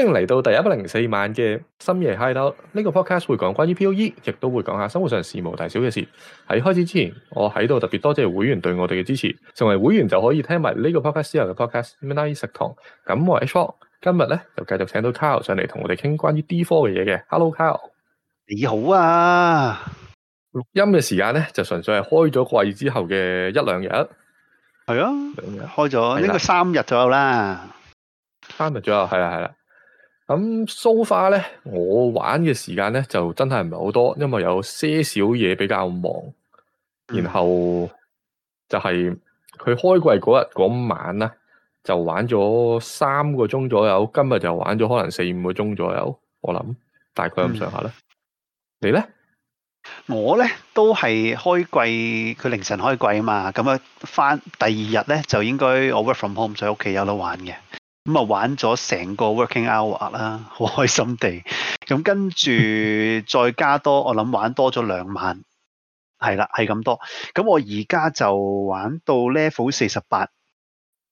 .迎嚟到第一百零四晚嘅深夜 hi l o 呢個 podcast 會講關於 p o e 亦都會講下生活上事無大小嘅事。喺開始之前，我喺度特別多謝會員對我哋嘅支持。成為會員就可以聽埋呢個 podcast 之列嘅 podcast、啊。Midnight 食堂，咁我係 short，今日咧就繼續請到 c a r l 上嚟同我哋傾關於 D Four 嘅嘢嘅。Hello c a r l 你好啊！錄音嘅時間咧就純粹係開咗季之後嘅一兩日，係啊，開咗應該三日左右啦，三日左右係啦係啦。咁 So far 咧，我玩嘅時間咧就真係唔係好多，因為有些少嘢比較忙，mm. 然後就係佢開季嗰日嗰晚啦，就玩咗三個鐘左右，今日就玩咗可能四五個鐘左右，我諗大概咁上下啦。Mm. 你咧？我咧都係開季，佢凌晨開季啊嘛，咁啊翻第二日咧就應該我 work from home，所以屋企有得玩嘅。咁啊，玩咗成個 working hour 啦，好開心地。咁跟住再加多， 我諗玩多咗兩萬，係啦，係咁多。咁我而家就玩到 level 四十八，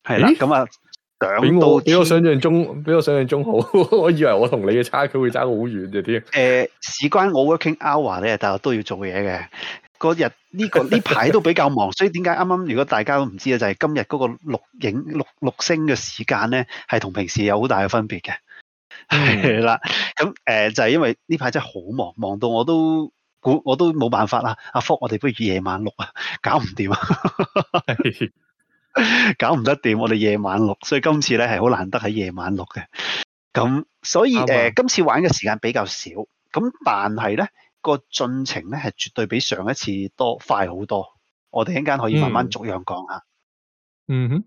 係啦。咁啊，漲到比我想象中比我想象中好。 我以為我同你嘅差距會差好遠嘅啲。誒、 呃，事關我 working hour 咧，但係都要做嘢嘅。嗰日呢個呢排都比較忙， 所以點解啱啱如果大家都唔知啊，就係、是、今日嗰個錄影錄錄星嘅時間咧，係同平時有好大嘅分別嘅。係、嗯、啦，咁誒、呃、就係、是、因為呢排真係好忙，忙到我都估我都冇辦法啦。阿福，我哋不如夜晚錄啊，搞唔掂啊， 搞唔得掂，我哋夜晚錄，所以今次咧係好難得喺夜晚錄嘅。咁所以誒、嗯呃，今次玩嘅時間比較少，咁但係咧。個進程咧係絕對比上一次多快好多，我哋一陣間可以慢慢逐樣講下嗯。嗯哼，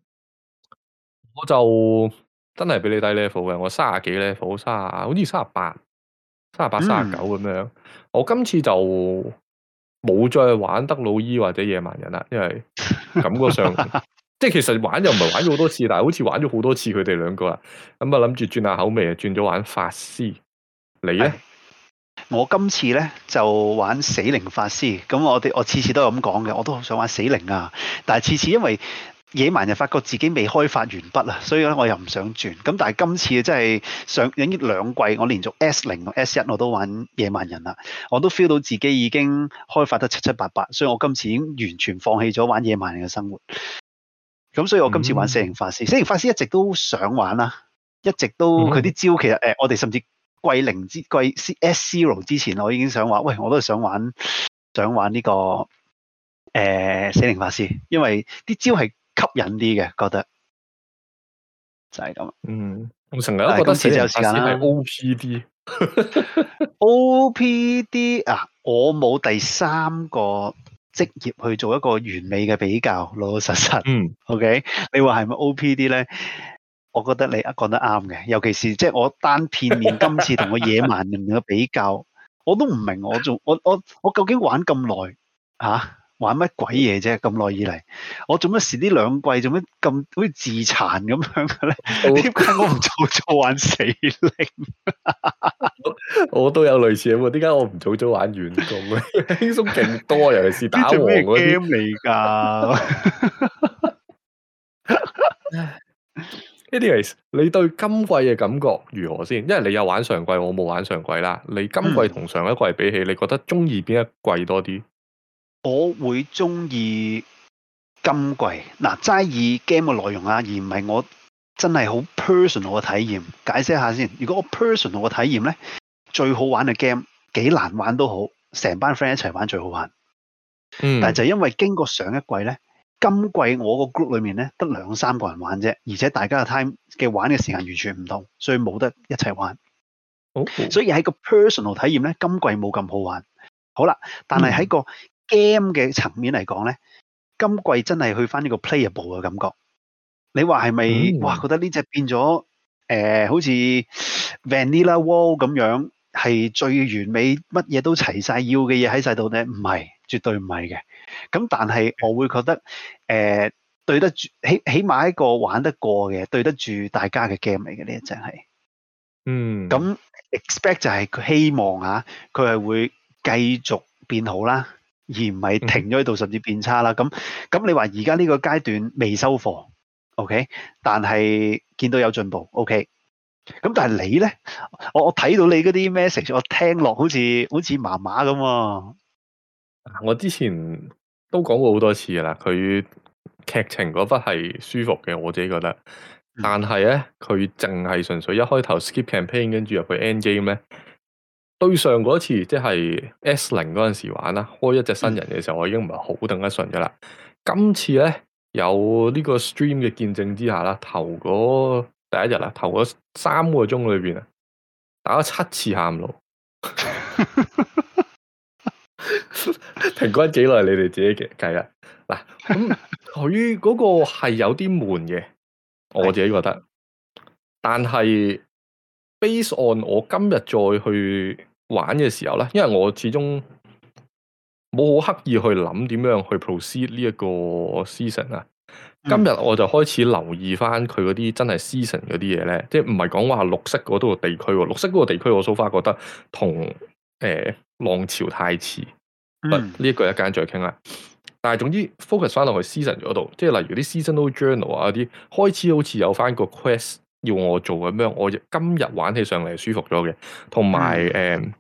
我就真係比你低 level 嘅，我三十幾 level，三十好似三十八、三十八、三十九咁樣。嗯、我今次就冇再玩德魯伊或者野蠻人啦，因為感覺上 即係其實玩又唔係玩咗好多次，但係好似玩咗好多次佢哋兩個啦。咁啊諗住轉下口味，啊轉咗玩法師。你咧？哎我今次咧就玩死靈法師，咁我哋我次次都係咁講嘅，我都好想玩死靈啊。但係次次因為野蠻人發覺自己未開發完畢啊，所以咧我又唔想轉。咁但係今次真係上已經兩季，我連續 S 零 S 一我都玩野蠻人啦，我都 feel 到自己已經開發得七七八八，所以我今次已經完全放棄咗玩野蠻人嘅生活。咁所以我今次玩死靈法師，嗯、死靈法師一直都想玩啦、啊，一直都佢啲、嗯、招其實誒、呃，我哋甚至。季零之季 S zero 之前，我已經想話，喂，我都係想玩，想玩呢、這個誒死靈法師，因為啲招係吸引啲嘅，覺得就係、是、咁。嗯，我成日都覺得死靈法師係 O P D。嗯、O P D 啊，我冇第三個職業去做一個完美嘅比較，老老實實。嗯，OK，你話係咪 O P D 咧？我覺得你講得啱嘅，尤其是即係我單片面 今次同個野蠻人嘅比較，我都唔明我仲我我我究竟玩咁耐吓，玩乜鬼嘢啫？咁耐以嚟，我做乜事呢兩季做乜咁好似自殘咁樣嘅咧？點解我唔早早玩死靈？ 我，我都有類似嘅，點解我唔早早玩遠攻咧？ 輕鬆勁多，尤其是打王嗰啲。 Eddie，你對今季嘅感覺如何先？因為你有玩上季，我冇玩上季啦。你今季同上一季比起，你覺得中意邊一季多啲？我會中意今季。嗱，齋以 game 嘅內容啊，容而唔係我真係好 personal 嘅體驗。解釋下先。如果我 personal 嘅體驗咧，最好玩嘅 game，幾難玩都好，成班 friend 一齊玩最好玩。嗯。但就因為經過上一季咧。今季我個 group 裏面咧，得兩三個人玩啫，而且大家嘅 time 嘅玩嘅時間完全唔同，所以冇得一齊玩。哦。所以喺個 personal 體驗咧，今季冇咁好玩。好啦，但係喺個 game 嘅層面嚟講咧，今季真係去翻呢個 playable 嘅感覺。你話係咪？哇，覺得呢隻變咗誒、呃，好似 vanilla wall 咁樣，係最完美，乜嘢都齊晒，要嘅嘢喺晒度咧？唔係。絕對唔係嘅，咁但係我會覺得，誒對得住起起碼一個玩得過嘅，對得住大家嘅 game 嚟嘅咧，真係。嗯。咁 expect 就係佢希望啊，佢係會繼續變好啦，而唔係停咗喺度，甚至變差啦。咁咁你話而家呢個階段未收貨，OK，但係見到有進步，OK。咁但係你咧，我我睇到你嗰啲 message，我聽落好似好似麻麻咁啊。我之前都講過好多次啦，佢劇情嗰筆係舒服嘅，我自己覺得。但係咧，佢淨係純粹一開頭 skip campaign，跟住入去 end game 咩？m 對上嗰次即係 S 零嗰陣時候玩啦，開一隻新人嘅時候，我已經唔係好等得順噶啦。今次咧，有呢個 stream 嘅見證之下啦，頭嗰第一日啊，頭嗰三個鐘裏邊啊，打咗七次喊路。 停均幾耐？你哋自己計啦。嗱，咁佢嗰個係有啲悶嘅，我自己覺得。是但係 base on 我今日再去玩嘅時候咧，因為我始終冇好刻意去諗點樣去 proceed 呢一個 season 啊、嗯。今日我就開始留意翻佢嗰啲真係 season 嗰啲嘢咧，即係唔係講話綠色嗰度地區，綠色嗰個地區我 so far 覺得同誒。欸浪潮太遲，呢一個一間再傾啦。但係總之 focus 翻落去 season 嗰度，即係例如啲 seasonal journal 啊啲，開始好似有翻個 quest 要我做咁樣，我今日玩起上嚟舒服咗嘅。同埋誒，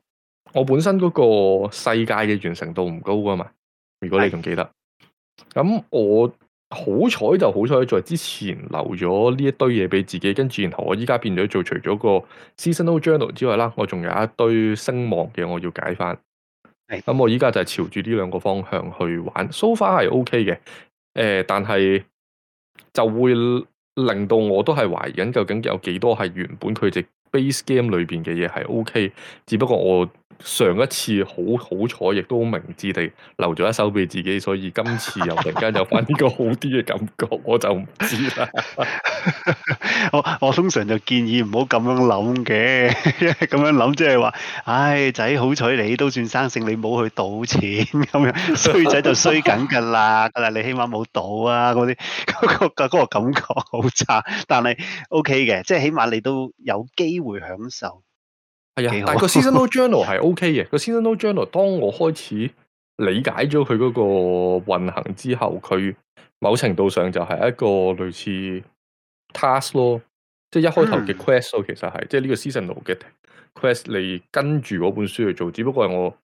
我本身嗰個世界嘅完成度唔高㗎嘛。如果你仲記得，咁我。好彩就好彩，在之前留咗呢一堆嘢俾自己，跟住然後我依家變咗做除咗個 seasonal journal 之外啦，我仲有一堆聲望嘅我要解翻。係、咁、嗯、我依家就係朝住呢兩個方向去玩。so far 係 OK 嘅，誒，但係就會令到我都係懷疑緊究竟有幾多係原本佢哋 base game 裏邊嘅嘢係 OK，只不過我。上一次好好彩，亦都明智地留咗一手俾自己，所以今次又突然間有翻呢個好啲嘅感覺，我就唔知啦。 我我通常就建議唔好咁樣諗嘅，咁 樣諗即係話，唉，仔好彩你都算生性，你冇去賭錢咁樣，衰仔就衰緊噶啦，但 係你起碼冇賭啊，嗰啲嗰個、嗰個嗰個感覺好差，但係 OK 嘅，即係起碼你都有機會享受。但個 Seasonal Journal 係 OK 嘅，個 Seasonal Journal 當我開始理解咗佢嗰個運行之後，佢某程度上就係一個類似 task 咯，即係一開頭嘅 quest 咯，其實係、嗯、即係呢個 Seasonal 嘅 quest 你跟住嗰本書去做，只不過我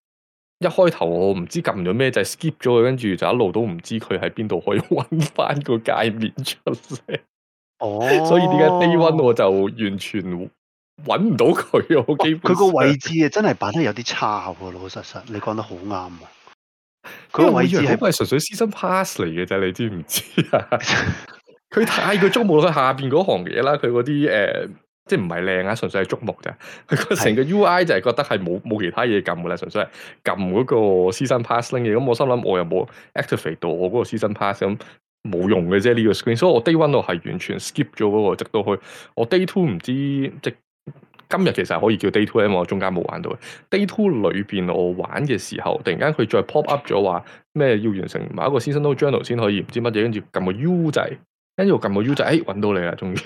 一開頭我唔知撳咗咩就是、skip 咗佢，跟住就一路都唔知佢喺邊度可以搵翻個界面出嚟。哦，所以點解低 a 我就完全？搵唔到佢啊！佢個位置啊，真係擺得有啲差喎，老老實實。你講得好啱啊！佢個位置係咪純粹 season pass 嚟嘅啫？你知唔知啊？佢 太過觸目佢下邊嗰行嘢啦，佢嗰啲誒，即係唔係靚啊，純粹係觸目咋。佢成個 UI 就係覺得係冇冇其他嘢撳啦，純粹係撳嗰個 season passling 嘢。咁我心諗我又冇 activate 到我嗰個 season pass，咁冇用嘅啫呢個 screen。所以我 day one 我係完全 skip 咗嗰、嗰個，直到去我 day two 唔知即今日其實可以叫 day two 因為，我中間冇玩到。day two 裏邊我玩嘅時候，突然間佢再 pop up 咗話咩要完成某一個 season journal 先可以，唔知乜嘢，跟住撳個 U 掣，跟住我撳個 U 掣，誒揾到你啦，終於。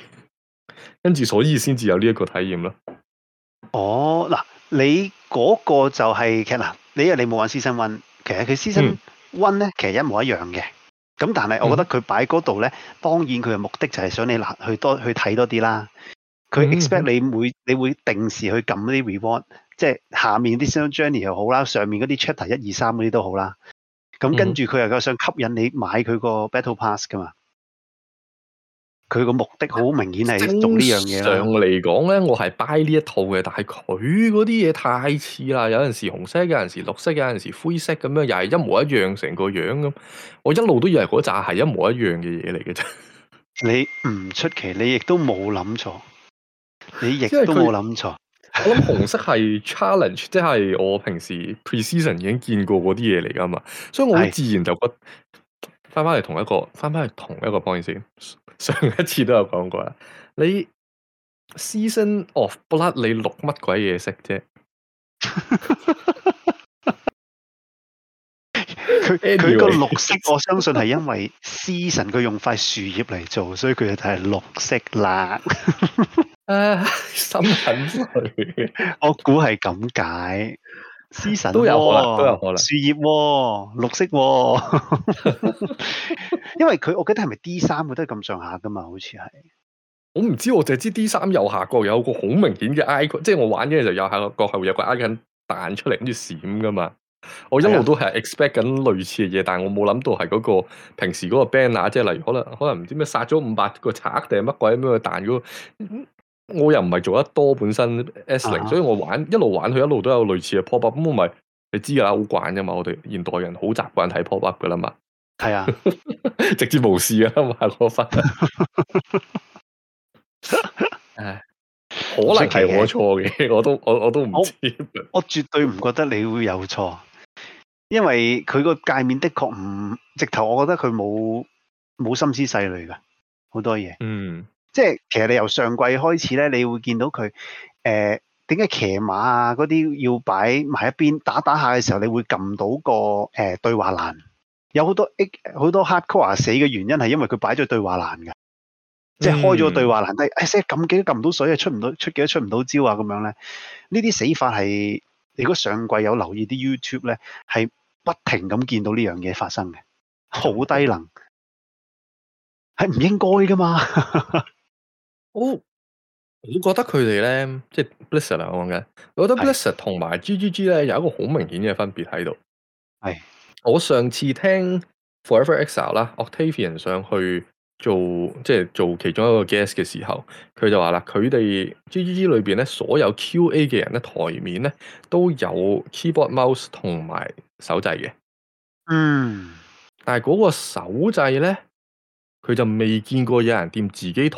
跟住所以先至有呢一個體驗咯。哦，嗱，你嗰個就係其實嗱，你又你冇玩 season one，其實佢 season one 咧其實一模一樣嘅。咁但係我覺得佢擺嗰度咧，當然佢嘅目的就係想你嗱去多去睇多啲啦。佢 expect 你會你會定時去撳嗰啲 reward，即係下面啲 season journey 又好啦，上面嗰啲 chapter 一二三嗰啲都好啦。咁跟住佢又夠想吸引你買佢個 battle pass 噶嘛。佢個目的好明顯係做呢樣嘢咯。通常嚟講咧，我係 buy 呢一套嘅，但係佢嗰啲嘢太似啦。有陣時紅色，有陣時綠色，有陣時灰色咁樣，又係一模一樣成個樣咁。我一路都以為嗰紮係一模一樣嘅嘢嚟嘅啫。你唔出奇，你亦都冇諗錯。你亦都冇諗錯， 我諗紅色係 challenge，即係我平時 precision 已經見過嗰啲嘢嚟噶嘛，所以我好自然就覺得翻翻嚟同一個，翻翻去同一個 point 先，上一次都有講過啦，你 Season of Blood 你錄乜鬼嘢色啫？ 佢佢個綠色，我相信係因為獅神佢用塊樹葉嚟做， 所以佢就係綠色啦。誒、 啊，深很水， 我估係咁解。獅神都有可能，都、啊、有可能樹葉，樹葉啊、 綠色、啊。 因為佢，我記得係咪 D 三，我都係咁上下噶嘛，好似係。我唔知，我就知 D 三右下角有個好明顯嘅 icon，即係我玩嘅時候，右下角係會有個 icon 緊彈出嚟，跟住閃噶嘛。我一路都係 expect 緊類似嘅嘢、啊，但係我冇諗到係嗰個平時嗰個 banner，即係例如可能可能唔知咩殺咗五百個賊定乜鬼咁樣彈嘅。但係如果我又唔係做得多本身 S 零、啊，所以我玩一路玩佢一路都有類似嘅 pop up。咁我咪你知噶啦，好慣啫嘛。我哋現代人好習慣睇 pop up 噶啦嘛。係啊，直接無視啊嘛，攞分。可能係我錯嘅，我都我我都唔知我。我絕對唔覺得你會有錯。因為佢個界面的確唔直頭，我覺得佢冇冇心思細慮噶，好多嘢。嗯，即係其實你由上季開始咧，你會見到佢誒，點解騎馬啊嗰啲要擺埋一邊打打下嘅時候，你會撳到個誒、呃、對話欄，有好多 A 好多 hardcore 死嘅原因係因為佢擺咗對話欄噶、嗯，即係開咗對話欄，但係哎幾多撳唔到水不不啊，出唔到出幾多出唔到招啊咁樣咧，呢啲死法係你如果上季有留意啲 YouTube 咧，係。不停咁見到呢樣嘢發生嘅，好低能，係唔應該噶嘛？哦、 oh，我覺得佢哋咧，即、就、係、是、Blizzard 啊，我講緊我覺得 Blizzard 同埋 G G G 咧有一個好明顯嘅分別喺度。係，我上次聽 Forever Excel 啦，Octavian 上去做即係、就是、做其中一個 guest 嘅時候，佢就話啦，佢哋 G G G 裏邊咧所有 Q A 嘅人咧台面咧都有 keyboard、mouse 同埋。手掣嘅，嗯，但係嗰個手掣咧，佢就未見過有人掂自己台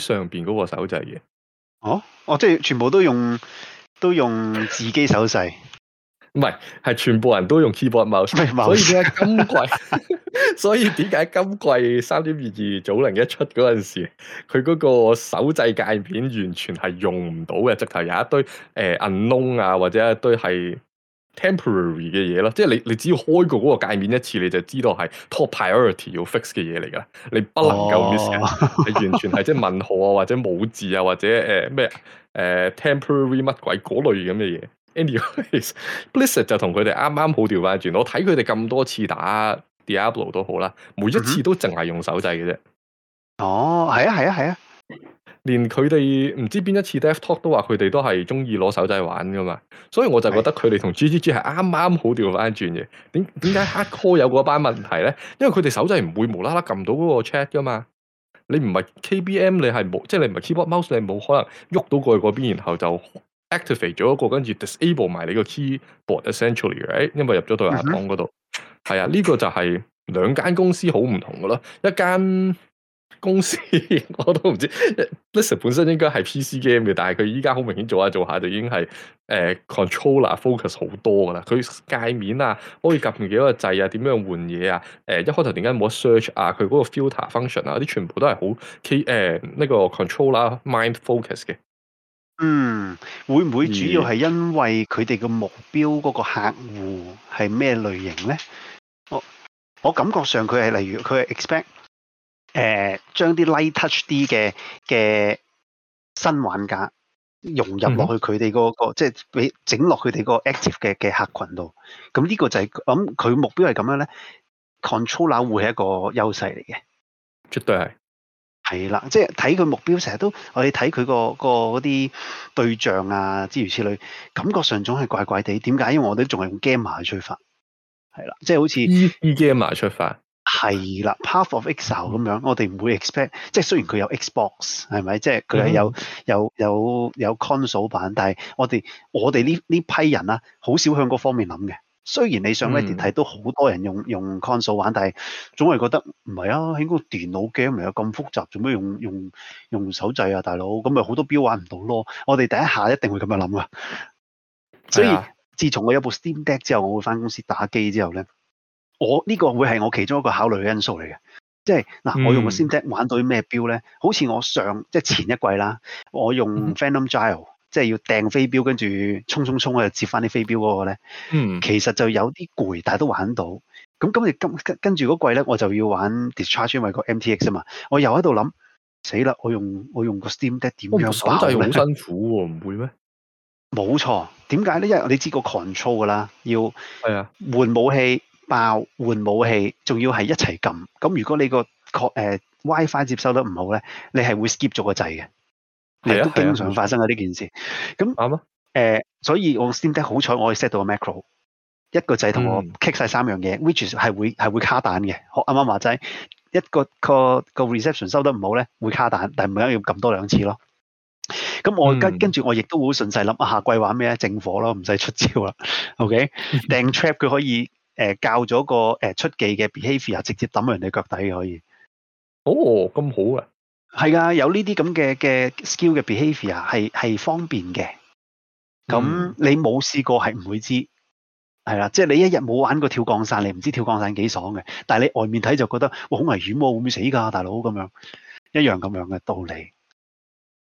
上邊嗰個手掣嘅。哦，哦，即係全部都用，都用自己手掣，唔係，係全部人都用 keyboard mouse。所以點解今季， 所以點解今季三點二二早零一出嗰陣時，佢嗰個手掣界面完全係用唔到嘅，直頭有一堆誒 unknown 啊，或者一堆係。temporary 嘅嘢囉，即係你你只要開過嗰個界面一次，你就知道係 top priority 要 fix 嘅嘢嚟㗎，你不能夠 miss 佢，你、oh. 完全係即係問號啊或者冇字啊或者誒咩誒 temporary 乜鬼嗰類咁嘅嘢。Anyways，Blizzard 就同佢哋啱啱好調返轉，我睇佢哋咁多次打 Diablo 都好啦，每一次都淨係用手掣嘅啫。哦，係啊，係啊，係啊。連佢哋唔知邊一次 Dev Talk 都話佢哋都係中意攞手掣玩噶嘛，所以我就覺得佢哋同 GGG 係啱啱好調返轉嘅。點點解 hardcore 有嗰班問題咧？因為佢哋手掣唔會無啦啦撳到嗰個 chat 噶嘛。你唔係 K B M，你係冇，即係你唔係 keyboard mouse，你冇可能喐到過去嗰邊，然後就 activate 咗一個，跟住 disable 埋你個 keyboard essentially。誒，因為入咗對話檔嗰度，係啊，呢、呢個就係兩間公司好唔同噶咯，一間。公司我都唔知，Lister 本身應該係 PC game 嘅，但係佢依家好明顯做下做下就已經係誒、呃、controller focus 好多㗎啦。佢界面啊，可以撳住幾多個掣啊，點樣換嘢啊？誒、呃、一開頭點解冇 search 啊？佢嗰個 filter function 啊，嗰啲全部都係好 key 呢、呃呢個 controller mind focus 嘅。嗯，會唔會主要係因為佢哋嘅目標嗰個客戶係咩類型咧？我我感覺上佢係例如佢係 expect。誒、呃、將啲 light touch 啲嘅嘅新玩家融入落去佢哋嗰個，嗯、即係整落佢哋個 active 嘅嘅客群度。咁呢個就係、是、咁，佢目標係咁樣咧。Controller 會係一個優勢嚟嘅，絕對係。係啦，即係睇佢目標成日都，我哋睇佢個嗰啲對象啊諸如此類，感覺上總係怪怪地。點解？因為我哋仲係用 gamer 去出發。係啦，即係好似依 gamer 出發。係啦，Path of Exile 咁樣，嗯、我哋唔會 expect，即係雖然佢有 Xbox，係咪？即係佢係有、嗯、有有有 console 版，但係我哋我哋呢呢批人啊，好少向嗰方面諗嘅。雖然你上 Reddit 睇都好多人用用 console 玩，但係總係覺得唔係啊，應該電腦 game 嚟，有咁、啊、複雜，做咩用用用手掣啊，大佬？咁咪好多標玩唔到咯。我哋第一下一定會咁樣諗㗎。所以自從我有一部 Steam Deck 之後，我會翻公司打機之後咧。我呢、這個會係我其中一個考慮嘅因素嚟嘅，即係嗱、啊，我用個 Steam Deck、嗯、玩到啲咩標咧？好似我上即係前一季啦，嗯、我用 Phantom Gile 即係要掟飛標，跟住衝衝衝啊，接翻啲飛標嗰個咧，其實就有啲攰，但係都玩到。咁、嗯、今日跟跟住嗰季咧，我就要玩 Discharge，因為個 MTX 啊嘛，我又喺度諗死啦，我用我用個 Steam Deck 點樣玩好辛苦喎、啊？唔會咩？冇錯，點解咧？因為你知個 control 噶啦，要換武器。爆換武器，仲要係一齊撳。咁如果你個誒 WiFi 接收得唔好咧，你係會 skip 咗個掣嘅，係都經常發生嘅呢件事。咁誒、啊啊啊啊呃，所以我先得好彩，我可以 set 到個 macro 一個掣同我 kick 晒三樣嘢、嗯、，which 係會係會卡彈嘅。啱啱話齋？一個一個個,個 reception 收得唔好咧，會卡彈，但係唔緊要撳多兩次咯。咁我跟、嗯、跟住我亦都會順勢諗啊，下季玩咩啊？正火咯，唔使出招啦。OK，訂 trap 佢可以。誒、呃，教咗個誒、呃、出技嘅 behavior，直接抌人哋腳底可以。哦，咁好啊！係啊，有呢啲咁嘅嘅 skill 嘅 behavior，係係方便嘅。咁、嗯、你冇試過係唔會知道。係啦，即係你一日冇玩過跳降傘，你唔知道跳降傘幾爽嘅。但係你外面睇就覺得哇好危險喎、啊，會唔會死噶、啊、大佬咁樣？一樣咁樣嘅道理。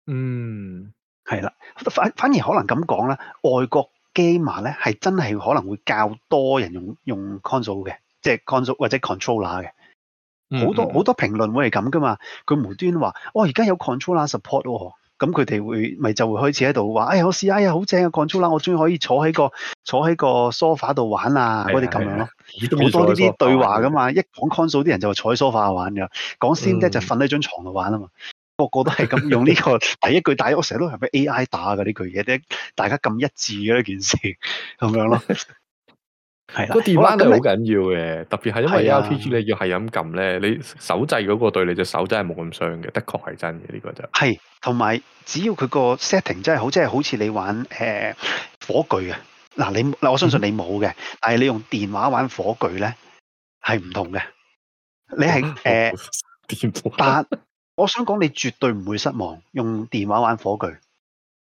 嗯，係啦，反反而可能咁講啦，外國，Gamer 咧，係真係可能會較多人用用 console 嘅，即係 console 或者 controller 嘅。好、嗯、多好多評論會係咁噶嘛。佢無端話，哦，而家有 controller support 喎、哦。咁佢哋會咪就會開始喺度話，哎，好似哎呀，好正啊，controller，我終於可以坐喺個坐喺個 sofa 度玩啊，嗰啲咁樣咯。好多呢啲對話噶嘛。嗯、一講 console 啲人就會坐喺 sofa 度玩嘅，講 Steam 就瞓喺張床度玩啊嘛。嗯個個都係咁用呢個第一句 是 AI 打句，我成日都係俾 A I 打噶呢句嘢，啲大家咁一致嘅呢件事，咁樣咯。係 啦，個電話都係好緊要嘅，特別係因為 ARPG 你要係咁撳咧，你手掣嗰個對你隻手真係冇咁傷嘅，的確係真嘅呢、這個就係。同埋，而且只要佢個 setting 真係好，即、就、係、是、好似你玩誒、呃、火炬啊，嗱你嗱我相信你冇嘅， 但係你用電話玩火炬咧係唔同嘅，你係誒，火、呃。 我想講，你絕對唔會失望。用電話玩火炬，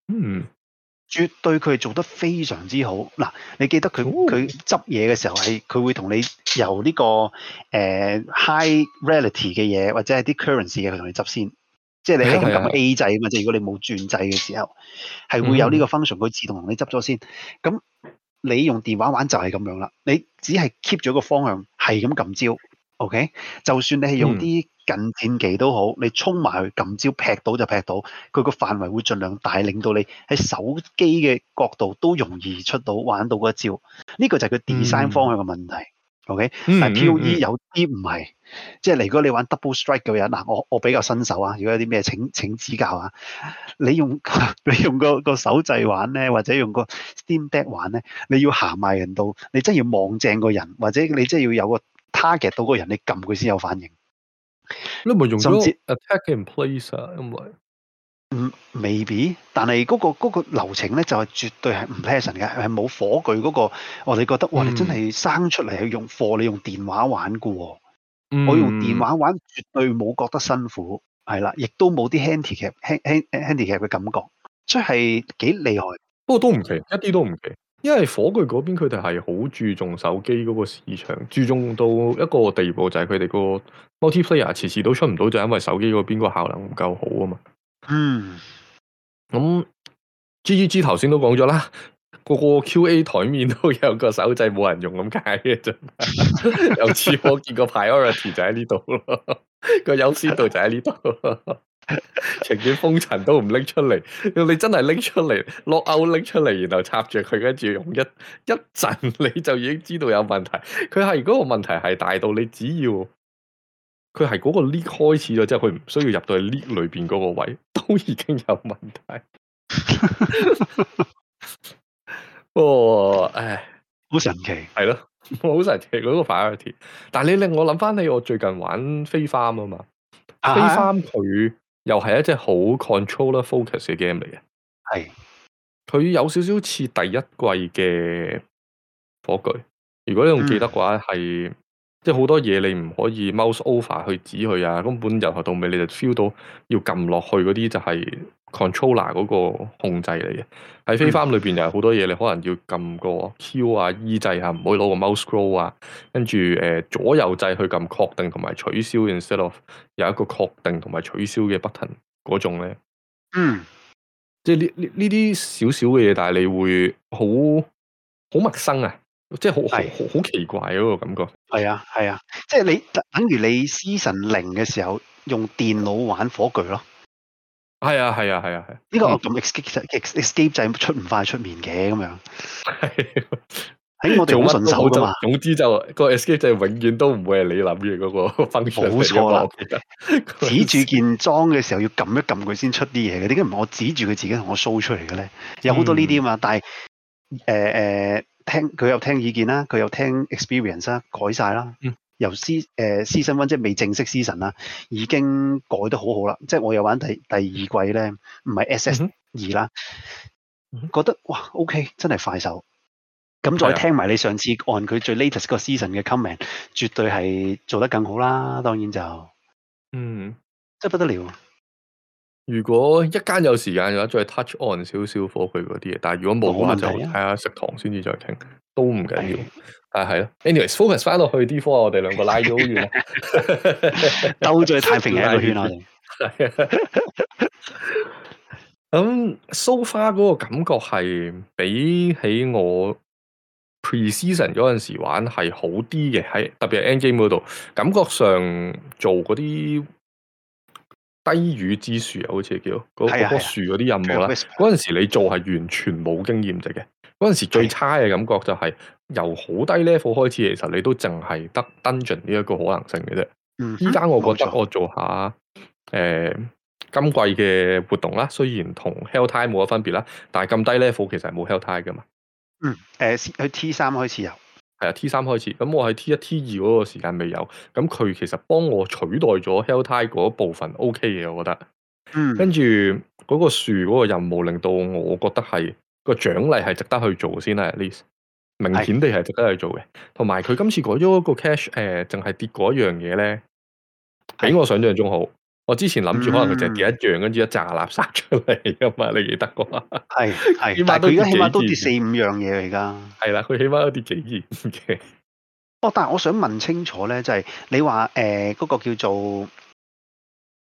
嗯，絕對佢係做得非常之好。嗱、啊，你記得佢佢執嘢嘅時候係，佢會同你由呢、這個誒、呃、high reality 嘅嘢，或者係啲 currency 嘅佢同你執先。即係你係咁撳 A 制啊嘛，即係如果你冇轉制嘅時候，係、嗯、會有呢個 function，佢自動同你執咗先。咁、嗯、你用電話玩就係咁樣啦。你只係 keep 咗個方向，係咁撳招。O、okay? K，就算你係用啲近戰技都好，嗯、你衝埋去，撳招劈到就劈到，佢個範圍會盡量帶領到你喺手機嘅角度都容易出到玩到嗰一招。呢、呢個就係佢 design 方向嘅問題。嗯、o、okay? K，、嗯、但係 PoE 有啲唔係，即係嚟。如果你玩 double strike 嘅人嗱，我我比較新手啊，如果有啲咩，請請指教啊。你用 你用、個、個手掣玩咧，或者用個 Steam Deck 玩咧，你要行埋人度，你真要望正個人，或者你真要有個。target 到個人，你撳佢先有反應。那用甚至 attack in place 啊、嗯，因為嗯未必但係嗰、那個那個流程咧就係、是、絕對係唔 passion 嘅，係冇火炬嗰、那個。我哋覺得、嗯、哇，你真係生出嚟去用貨，你用電話玩嘅喎、嗯。我用電話玩絕對冇覺得辛苦，係啦，亦都冇啲 handicap 嘅 handicap 嘅感覺，即係幾厲害。不過都唔奇，一啲都唔奇。因為火炬嗰邊佢哋係好注重手機嗰個市場，注重到一個地步就係佢哋個 multiplayer 遲遲都出唔到，就係因為手機個邊個效能唔夠好啊嘛。嗯，咁 G G G 頭先都講咗啦，個個 Q A 台面都有個手掣冇人用咁解嘅啫，由 此 我見個 priority 就喺呢度咯，個優先度就喺呢度。情願封塵都唔拎出嚟，用你真係拎出嚟，落鈎拎出嚟，然後插住佢，跟住用一一陣，你就已經知道有問題。佢係嗰個問題係大到你只要佢係嗰個裂開始咗，即係佢唔需要入到去裂裏邊嗰個位，都已經有問題了。哦 唉，好神奇，係咯，好神奇嗰、那個 priority 但係你令我諗翻起，我最近玩飛花啊嘛，ah? 飛花佢。又係一隻好 controller focus 嘅 game 嚟嘅，係佢有少少似第一季嘅火炬。如果你仲記得嘅話，係、嗯、即係好多嘢你唔可以 mouse over 去指佢啊，根本由頭到尾你就 feel 到要撳落去嗰啲就係、是。controller 嗰個控制嚟嘅，喺飛翻裏邊又係好多嘢，你可能要撳個 Q 啊 E 掣啊，唔可以攞個 mouse scroll 啊，跟住誒左右掣去撳確定同埋取消，instead of 有一個確定同埋取消嘅 button 嗰種咧，嗯，即係呢呢呢啲少少嘅嘢，但係你會好好陌生啊，即係好好好奇怪嗰個感覺，係啊係啊，即係你等於你 season 零嘅時候用電腦玩火炬咯。係啊係啊係啊係，呢、啊這個我撳 escape 掣、嗯、出唔快出面嘅咁樣，喺、啊、我哋好順手噶嘛，總之就，escape 就個 function, escape 掣永遠都唔會係你諗嘅嗰個方向。冇錯，指住件裝嘅時候要撳一撳佢先出啲嘢嘅，點解唔係我指住佢自己同我 show 出嚟嘅咧？有好多呢啲啊嘛，但係誒誒，聽佢又聽意見聽啦，佢又聽 experience 啦，改晒啦。由 season 誒 season one，即係未正式 season 啦。已經改得好好啦。即係我又玩第第二季咧，唔係 S S 二啦，覺得哇 OK，真係快手。咁再聽埋你上次按佢最 latest 個 season 嘅 comment、嗯、絕對係做得更好啦。當然就嗯，真係不得了。如果一間有時間嘅話，再 touch on 少少火佢嗰啲嘢。但係如果冇嘅話，啊、就睇下食堂先至再聽。都唔緊要，但係咯。啊、Anyways，focus 翻落去 D4，我哋兩個拉咗好遠， 兜咗太平洋一個圈。我哋咁 so far 嗰個感覺係比起我 preseason 嗰陣時玩係好啲嘅，喺特別係 NG mode 感覺上做嗰啲低語之樹啊，好似叫嗰嗰棵樹嗰啲任務啦，嗰陣時你做係完全冇經驗值嘅。嗰陣時最差嘅感覺就係由好低 level 開始，其實你都淨係得 Dungeon 呢一個可能性嘅啫。嗯，依家我覺得我做下誒、欸、今季嘅活動啦，雖然同 Hell Time 冇乜分別啦，但係咁低 level 其實係冇 Hell Time 噶嘛。嗯，誒、呃，去 T 三開始有，係啊，T 三開始。咁我喺 T 一、T 二嗰個時間未有，咁佢其實幫我取代咗 Hell Time 嗰部分，OK 嘅，我覺得。嗯。跟住嗰個樹嗰個任務，令到我覺得係。那個獎勵係值得去做先啦，啊，l 至少明顯地係值得去做嘅。同埋佢今次改咗一個 cash，誒、呃，淨係跌嗰一樣嘢咧，比我想象中好。我之前諗住可能佢淨係跌一樣，跟、嗯、住一紮垃圾出嚟噶嘛，你記得啩？係系，你到而家起碼都跌四五樣嘢而家。係啦，佢起碼都跌幾件嘅。哦，但係我想問清楚咧，就係、是、你話誒，嗰、呃那個叫做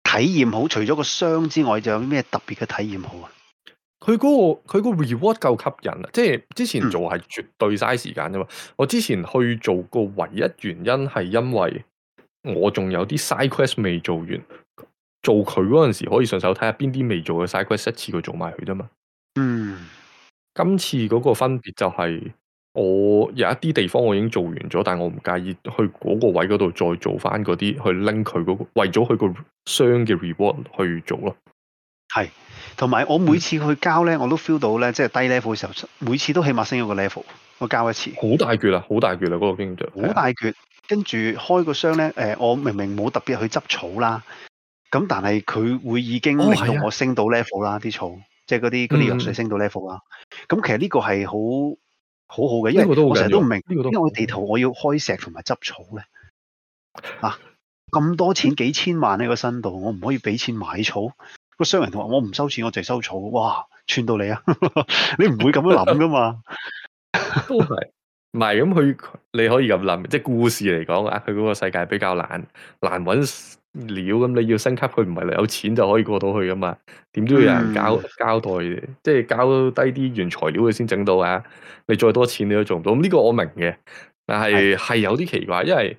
體驗好，除咗個箱之外，仲有咩特別嘅體驗好啊？佢、嗰個佢個 reward 夠吸引啊！即係之前做係絕對嘥時間啫嘛、嗯。我之前去做個唯一原因係因為我仲有啲 side quest 未做完，做佢嗰陣時可以順手睇下邊啲未做嘅 side quest 一次佢做埋佢啫嘛。嗯，今次嗰個分別就係我有一啲地方我已經做完咗，但係我唔介意去嗰個位嗰度再做翻嗰啲去拎佢嗰個為咗佢個商嘅 reward 去做咯。係。同埋我每次去交咧，我都 feel 到咧，即係低 level 嘅時候，每次都起碼升一個 level，我交一次。好大橛啦，好大橛啦，嗰個經濟。好大橛，跟住開個箱咧。誒，我明明冇特別去執草啦，咁但係佢會已經令我升到 level 啦。啲、哦啊、草，即係嗰啲嗰啲藥水升到 level 啦。咁、嗯、其實呢個係好好好嘅，因為我成日都唔明，因為我地圖我要開石同埋執草咧。咁、 啊、多錢幾千萬喺個身度，我唔可以俾錢買草？個商人同話，我唔收錢，我淨係收草。哇，串到你啊！ 你唔會咁樣諗噶嘛？都係，唔係咁佢，你可以咁諗，即係故事嚟講啊。佢嗰個世界比較難難揾料，咁你要升級佢，唔係你有錢就可以過到去噶嘛？點都要有人交、嗯、交代，即係交低啲原材料佢先整到啊！你再多錢你都做唔到。咁、這、呢個我明嘅，但係係有啲奇怪，因為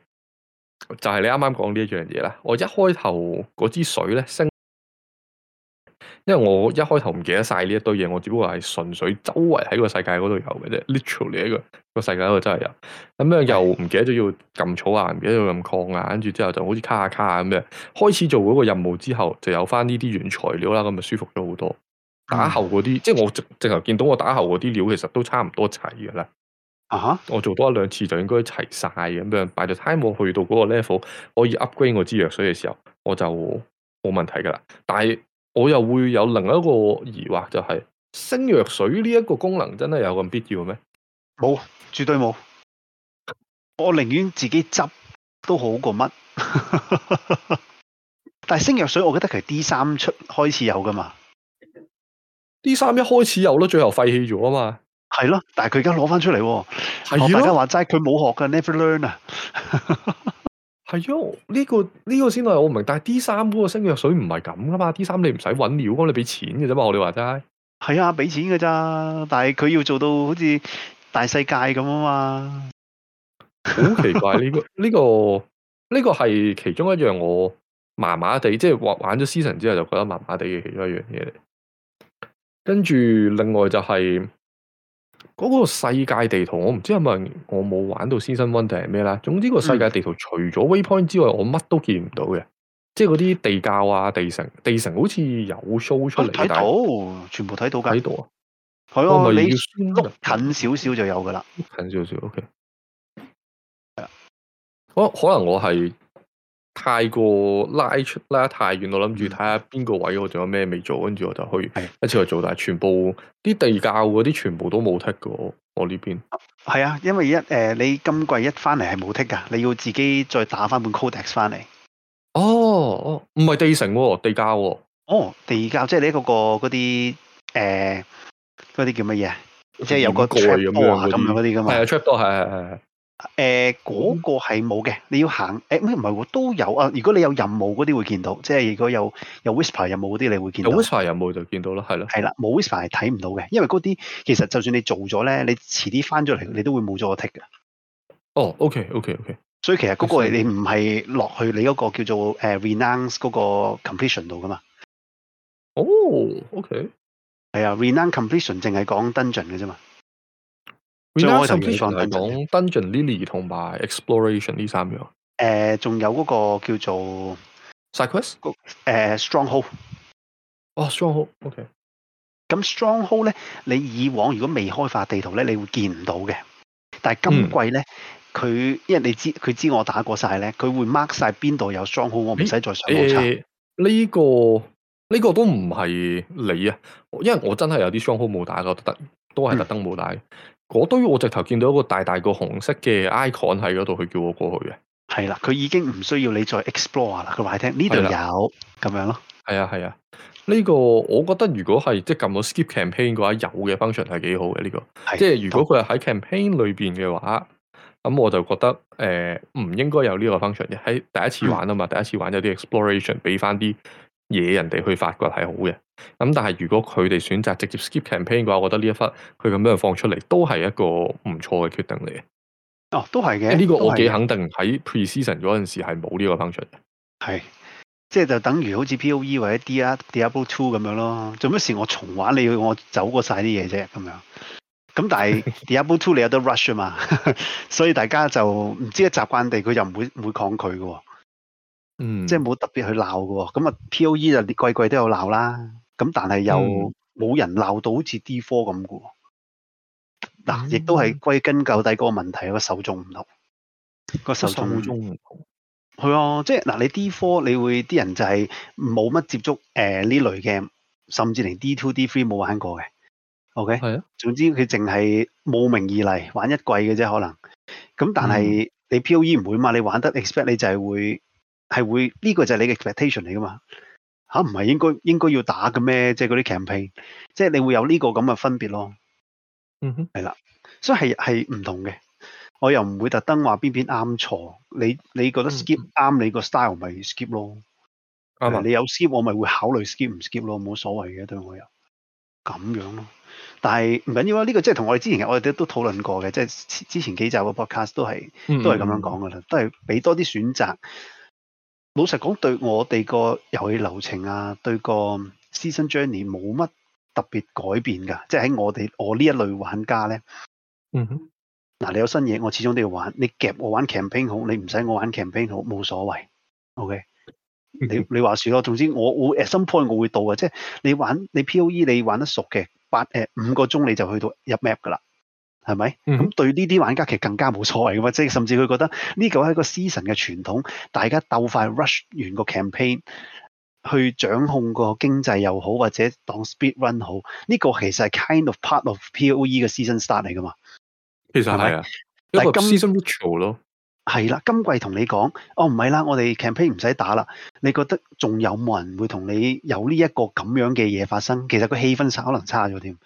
就係你啱啱講呢一樣嘢啦。我一開頭嗰支水咧升。因為我一開頭唔記得晒呢一堆嘢，我只不過係純粹周圍喺個世界嗰度有嘅啫，literally 嚟一個個世界嗰度真係有。咁樣又唔記得咗要撳草啊，唔記得咗撳礦啊，跟住之後就好似卡下卡下咁樣。開始做嗰個任務之後，就有翻呢啲原材料啦，咁咪舒服咗好多。打後嗰啲、嗯，即係我直直頭見到我打後嗰啲料，其實都差唔多齊噶啦。啊我做多一兩次就應該齊晒咁樣，擺到 time 我去到嗰個 level，我可以 upgrade 我支藥水嘅時候，我就冇問題噶啦。但係。我又會有另一個疑惑，就係、是、升藥水呢一個功能真係有咁必要咩？冇，絕對冇。我寧願自己執都好過乜。 但係升藥水，我覺得其實 D 三出開始有噶嘛。D 三一開始有咯，最後廢棄咗啊嘛。係咯。但係佢而家攞翻出嚟喎。學大家話齋，佢冇學噶，never learn 啊。 係咯、這個，呢、這個呢個先係我唔明白，但係 D 三嗰個星藥水唔係咁噶嘛，D 三你唔使搵料，幫你俾錢嘅啫嘛，我哋話齋。係啊，俾錢嘅咋，但係佢要做到好似大世界咁啊嘛。好奇怪呢、 這個呢、這個呢、這個係其中一樣我麻麻地，即、就、係、是、玩玩咗 season 之後就覺得麻麻地嘅其中一樣嘢。嚟。跟住另外就係、是。嗰、那個世界地圖，我唔知係咪我冇玩到 Season One 定係咩啦？總之個世界地圖除咗 waypoint 之外，嗯、我乜都見唔到嘅。即係嗰啲地窖啊、地城、地城好似有 show 出嚟。睇到，全部睇到噶睇到啊，係、okay、啊，你碌近少少就有噶啦，近少少。O K。係啊，可可能我係。太過拉出，拉得太遠，我諗住睇下邊個位置我仲有咩未做，跟住我就去一次去做。但係全部啲地窖嗰啲全部都冇剔噶，我呢邊係啊，因為一誒、呃、你今季一翻嚟係冇剔噶，你要自己再打翻本 Codex 翻嚟。哦，唔係地城地窖，哦地窖，即係你嗰個嗰啲誒嗰啲叫乜嘢？即係有個 trapdoor 咁樣嗰啲噶嘛？係 trapdoor 係係係。誒、呃，嗰、那個係冇嘅，你要行誒咩？唔、欸、係，都有啊。如果你有任務嗰啲會見到，即係如果有有 whisper 任務嗰啲，你會見到。whisper 任務就見到啦，係咯。係啦，冇 whisper 係睇唔到嘅，因為嗰啲其實就算你做咗咧，你遲啲翻咗嚟，你都會冇咗個 tick 嘅。哦，OK，OK，OK。Okay, okay, okay, 所以其實嗰個你唔係落去你嗰個叫做誒 Renown 嗰個 completion 度噶嘛？哦，OK。係啊，Renown completion 淨係講 dungeon 嘅啫嘛。我成日同人哋講 Dungeon Lily 同埋 Exploration 呢三樣，誒、呃，仲有嗰個叫做誒、呃、，Stronghold，哦，Stronghold，OK，咁 Stronghold 咧、okay，你以往如果未開發地圖咧，你會見唔到嘅，但係今季咧，佢、嗯、因為你知佢知我打過曬咧，佢會 mark 曬邊度有 Stronghold，我唔使再上呢、呃呃這個呢、這個都唔係你啊，因為我真係有啲 Stronghold 冇打過，都得都係特登冇打。嗰堆我直頭見到一個大大個紅色嘅 icon 喺嗰度，佢叫我過去嘅。係啦、啊，佢已經唔需要你再 explore 啦。佢話你聽呢度有咁樣咯。係啊係啊，呢、啊啊這個我覺得如果係即係撳到 skip campaign 嘅話，有嘅 function 係幾好嘅呢、這個。即係如果佢係喺 campaign 裏邊嘅話，咁我就覺得誒唔、呃、應該有呢個 function 嘅。喺第一次玩啊嘛，第一次玩有啲 exploration 俾翻啲嘢人哋去發掘係好嘅，咁但係如果佢哋選擇直接 skip campaign 嘅話，我覺得呢一忽佢咁樣放出嚟都係一個唔錯嘅決定嚟嘅。哦，都係嘅。呢個我幾肯定喺 preseason 嗰陣時係冇呢個 function 嘅。係，即係就等於好似 POE 或者 D1 D2 咁樣咯。做乜事我重，玩你要我走過曬啲嘢啫，咁樣。咁但係 D2 你有得 rush 吖嘛， 所以大家就唔知習慣地，佢又唔會唔會抗拒喎。嗯，即係冇特別去鬧嘅咁啊。P.O.E 就你季季都有鬧啦，咁但係又冇人鬧到好似 D 科咁嘅嗱，亦、嗯、都係歸根究底嗰個問題個受眾唔同個受眾好、嗯嗯、手中係啊，即係嗱，你 D 科你會啲人就係冇乜接觸誒呢、呃、類嘅，甚至連 D two D three 冇玩過嘅。O.K. 係啊，總之佢淨係慕名而嚟玩一季嘅啫，可能咁。但係、嗯、你 P.O.E 唔會嘛，你玩得 expect 你就係會。係會呢，這個就係你嘅 expectation 嚟噶嘛。吓，唔係應該應該要打嘅咩？即係嗰啲 campaign 即係你會有呢個咁嘅分別咯。嗯哼，係啦，所以係係唔同嘅。我又唔會特登話邊邊啱錯，你你覺得 skip 啱，嗯，你個 style 咪 skip 咯，嗯，你有 skip 我咪會考慮 skip 唔 skip 咯，冇所謂嘅。對我又咁樣咯，但係唔緊要啊呢個即係同我哋之前我哋都討論過嘅，即係之前幾集嘅 podcast 都係都係咁樣講噶啦，都係俾多啲選擇。老實講，對我哋個遊戲流程啊，對個 Season Journey 冇乜特別改變噶，即係喺我哋我呢一類玩家咧，嗯哼，嗱、啊、你有新嘢，我始終都要玩。你夾我玩 campaign 好，你唔使我玩 campaign 好，冇所謂。OK，嗯、你你話事咯。總之我我 at some point 我會到嘅，即係你玩你 P O E 你玩得熟嘅八誒五個鐘你就去到入 map 噶啦。係咪？咁、嗯、對呢啲玩家其實更加冇所謂㗎嘛。即係甚至佢覺得呢個係一個 season 嘅傳統，大家鬥快 rush 完個 campaign，去掌控個經濟又好，或者當 speed run 好，呢、呢個其實係 kind of part of P.O.E 嘅 season start 嚟噶嘛？其實係啊，一個 season 咯。係啦，今季同你講，哦，唔係啦，我哋 campaign 唔使打啦。你覺得仲有冇人會同你有呢一個咁樣嘅嘢發生？其實個氣氛差，可能差咗添。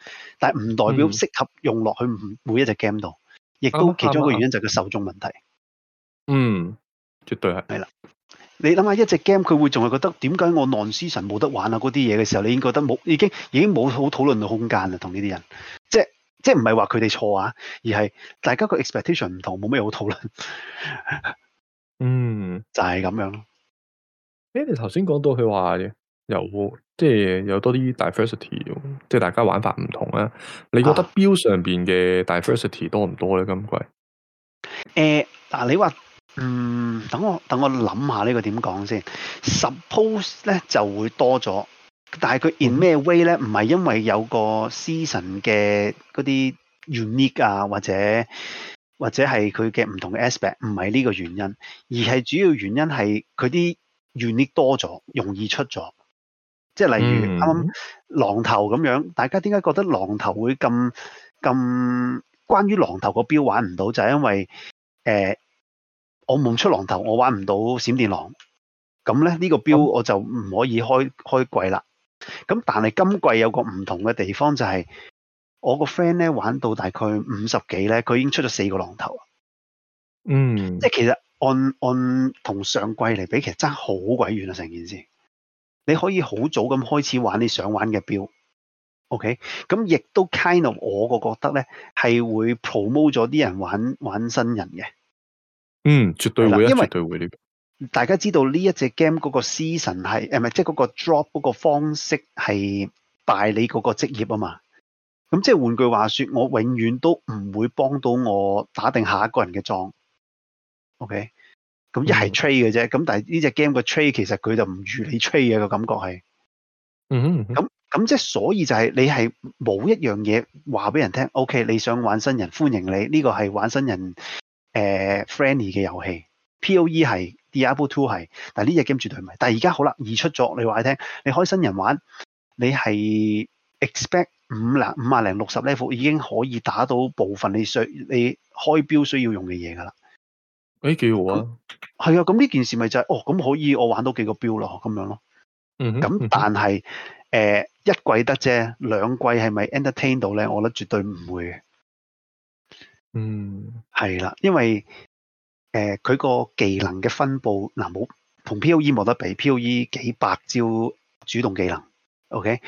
但係唔代表適合用落去每一隻 game 度，亦、嗯、都其中一個原因就係個受眾問題。嗯，絕對係係啦。你諗下一隻 game，佢會仲係覺得點解我 n 思神冇得玩啊？嗰啲嘢嘅時候，你已經覺得冇，已經已經冇好討論嘅空間啦。同呢啲人，即係。即係唔係話佢哋錯啊，而係大家個 expectation 唔同，冇咩好討論。嗯， 就係咁樣咯。誒、欸，你頭先講到佢話有即係、就是、有多啲 diversity，即係大家玩法唔同啊。你覺得標上邊嘅 diversity 多唔多咧、啊？今季？誒，嗱，你話，嗯，等我等我諗下呢個點講先。Suppose 咧就會多咗。但係佢 in 咩 way 咧？唔係因為有個 season 嘅嗰啲 unique 啊，或者或者係佢嘅唔同嘅 aspect，唔係呢個原因，而係主要原因係佢啲 unique 多咗，容易出咗。即係例如啱啱狼頭咁樣、嗯，大家點解覺得狼頭會咁咁？關於狼頭個標玩唔到，就係、係、因為誒、呃、我冇出狼頭，我玩唔到閃電狼。咁咧呢、呢個標我就唔可以開、嗯、開櫃啦。咁但係今季有個唔同嘅地方就係、是、我個 friend 咧玩到大概五十幾咧，佢已經出咗四個浪頭。嗯，即係其實按按同上季嚟比，其實差好鬼遠啊！成件事，你可以好早咁開始玩你想玩嘅 build。OK，咁亦都 kind of 我個覺得咧係會 promote 咗啲人玩玩新人嘅。嗯，絕對會啊，絕對會。大家知道呢一隻 game 嗰個 season 係誒，唔係即係嗰個 drop 嗰個方式係帶你嗰個職業啊嘛。咁即係換句話說，我永遠都唔會幫到我打定下一個人嘅狀。OK，咁一係 trade 嘅啫。咁但係呢隻 game 個 trade 其實佢就唔如你 trade 嘅個感覺係，嗯，咁咁即係所以就係你係冇一樣嘢話俾人聽。OK，你想玩新人歡迎你，呢、這個係玩新人誒、呃、friendly 嘅遊戲。P.O.E 係。Diablo Two 係，但係呢隻 game 絕對唔係。但係而家好啦，二出咗，你話你聽，你開新人玩，你係 expect 五零五廿零六十 level 已經可以打到部分你需你開標需要用嘅嘢㗎啦。誒、欸，幾好啊！係、嗯、啊，咁呢件事咪就係、是、哦，咁可以我玩到幾個標咯，咁樣咯。嗯，咁但係誒、呃、一季得啫，兩季係咪 entertain 到咧？我覺得絕對唔會嘅。嗯，係啦，因為。誒、呃，佢個技能嘅分布嗱，冇、呃、同 P.O.E 冇得比。P.O.E 幾百招主動技能，OK？誒、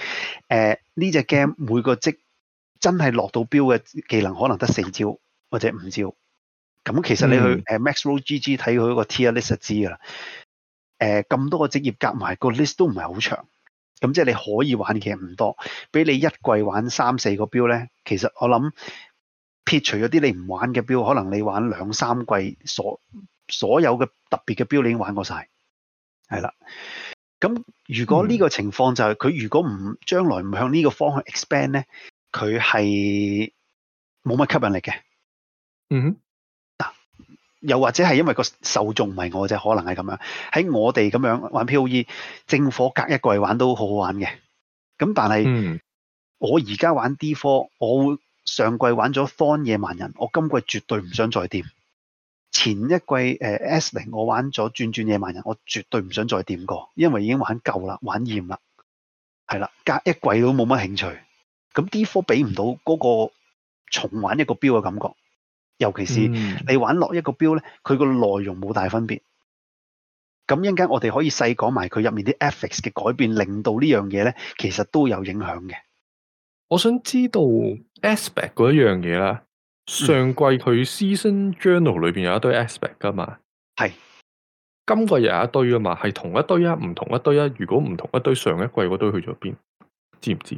呃，呢、這、隻、個、game 每個職真係落到標嘅技能可能得四招或者五招。咁、嗯、其實你去誒 Maxroll GG 睇佢個 Tier List 就知噶啦。誒、呃，咁多個職業夾埋個 list 都唔係好長，咁即係你可以玩嘅唔多，俾你一季玩三四個標咧，其實我諗。撇除咗啲你唔玩嘅標，可能你玩兩三季所，所所有嘅特別嘅標你已經玩過晒。係啦。咁如果呢個情況就係、是、佢、嗯、如果唔將來唔向呢個方向 expand 咧，佢係冇乜吸引力嘅。嗯嗱，又或者係因為個受眾唔係我啫，可能係咁樣。喺我哋咁樣玩 PoE 正火隔一季玩都好好玩嘅。咁但係、嗯、我而家玩 D4，我會。上季玩咗荒野蠻人，我今季絕對唔想再掂。前一季誒 S 零我玩咗轉轉野蠻人，我絕對唔想再掂過，因為已經玩夠啦，玩厭啦，係啦，隔一季都冇乜興趣。咁 D 科俾唔到嗰個重玩一個標嘅感覺，尤其是你玩落一個標咧，佢個內容冇大分別。咁一間我哋可以細講埋佢入面啲 affix 嘅改變，令到這件事呢樣嘢咧，其實都有影響嘅。我想知道 aspect 嗰一樣嘢啦，上季佢《Season Journal》裏邊有一堆 aspect 噶嘛？係，今季又有一堆噶嘛？係同一堆啊？唔同一堆啊？如果唔同一堆，上一季嗰堆去咗邊？知唔知？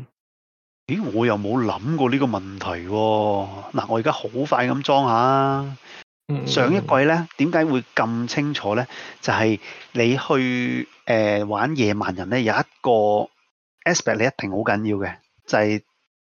咦，我又冇諗過呢個問題、啊。嗱，我而家好快咁裝下、嗯。上一季咧，點解會咁清楚咧？就係、是、你去誒、呃、玩野蠻人咧，有一個 aspect 你一定好緊要嘅，就係、是。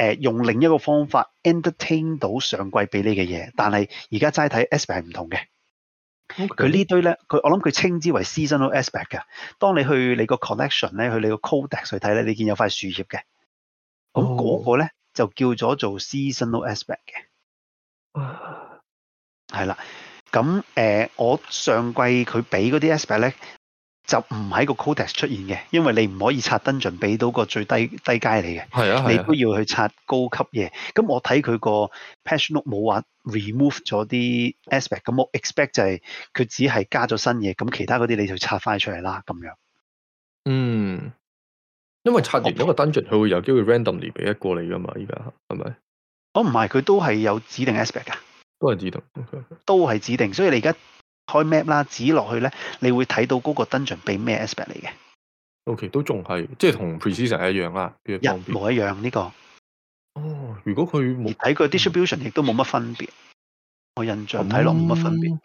誒用另一個方法 entertain 到上季俾你嘅嘢，但係而家齋睇 aspect 係唔同嘅。佢、okay。呢堆咧，佢我諗佢稱之為 seasonal aspect 嘅。當你去你個 connection 咧，去你個 codex 去睇咧，你見有塊樹葉嘅，咁、那、嗰個咧、oh。就叫做做 seasonal aspect 嘅。係啦，咁、呃、我上季佢俾嗰啲 aspect 咧。就唔喺個 codex 出現嘅，因為你唔可以刷 dungeon 俾到個最低低階嚟嘅。係啊，啊，你都要去刷高級嘢。咁我睇佢個 patch note 冇話 remove 咗啲 aspect，咁我 expect 就係佢只係加咗新嘢。咁其他嗰啲你就刷翻出嚟啦。咁樣，嗯，因為刷完一個 dungeon，佢會有機會 randomly 俾一個你噶嘛？依家係咪？哦，唔係，佢都係有指定 aspect 噶，都係指定，okay. 都係指定。所以你而家。開 map 啦，指落去咧，你會睇到嗰個登場俾咩 aspect 嚟嘅？OK，都仲係即係同 precision 一樣啦、啊，一冇一樣呢、這個。哦，如果佢冇睇佢 distribution，亦都冇乜分別。我印象睇落冇乜分別。佢、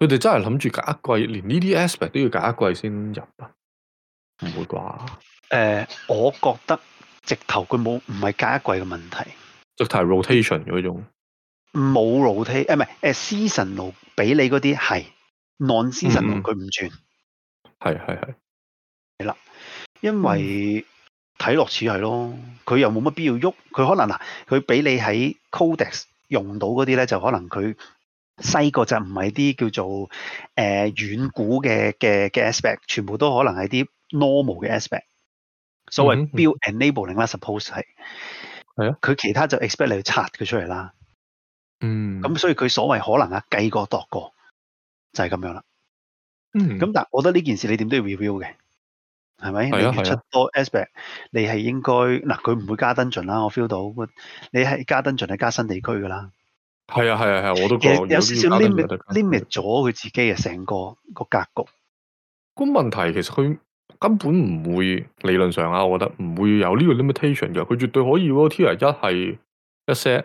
嗯、哋、嗯、真係諗住隔一季，連呢啲 aspect 都要隔一季先入啊？唔會啩？誒、呃，我覺得直頭佢冇，唔係隔一季嘅問題。直頭係 rotation 嗰種，冇 rotation 誒、呃，唔係誒 season。俾你嗰啲係按 o n 同佢唔全，係係係，係啦，因為睇落似係咯，佢、嗯、又冇乜必要喐，佢可能嗱，佢俾你喺 codex 用到嗰啲咧，就可能佢細個就唔係啲叫做誒遠、呃、古嘅嘅嘅 aspect，全部都可能係啲 normal 嘅 aspect，所謂 build enabling 啦 suppose、嗯、係係啊，佢、嗯、其他就 expect 你去拆佢出嚟啦。嗯，咁所以佢所謂可能啊，計過度過就係、是、咁樣啦。嗯，咁但係我覺得呢件事你點都要 review 嘅，係咪？係啊，出多 aspect，你係應該嗱，佢、啊、唔會加 dungeon 啦，我 feel 到。你係加 dungeon 係加新地區噶啦。係啊，係啊，係啊，我都覺得有，有少少 limit，limit 咗佢自己嘅成個個格局。個問題其實佢根本唔會理論上啊，我覺得唔會有呢個 limitation 嘅，佢絕對可以喎。Tier 一係一 set。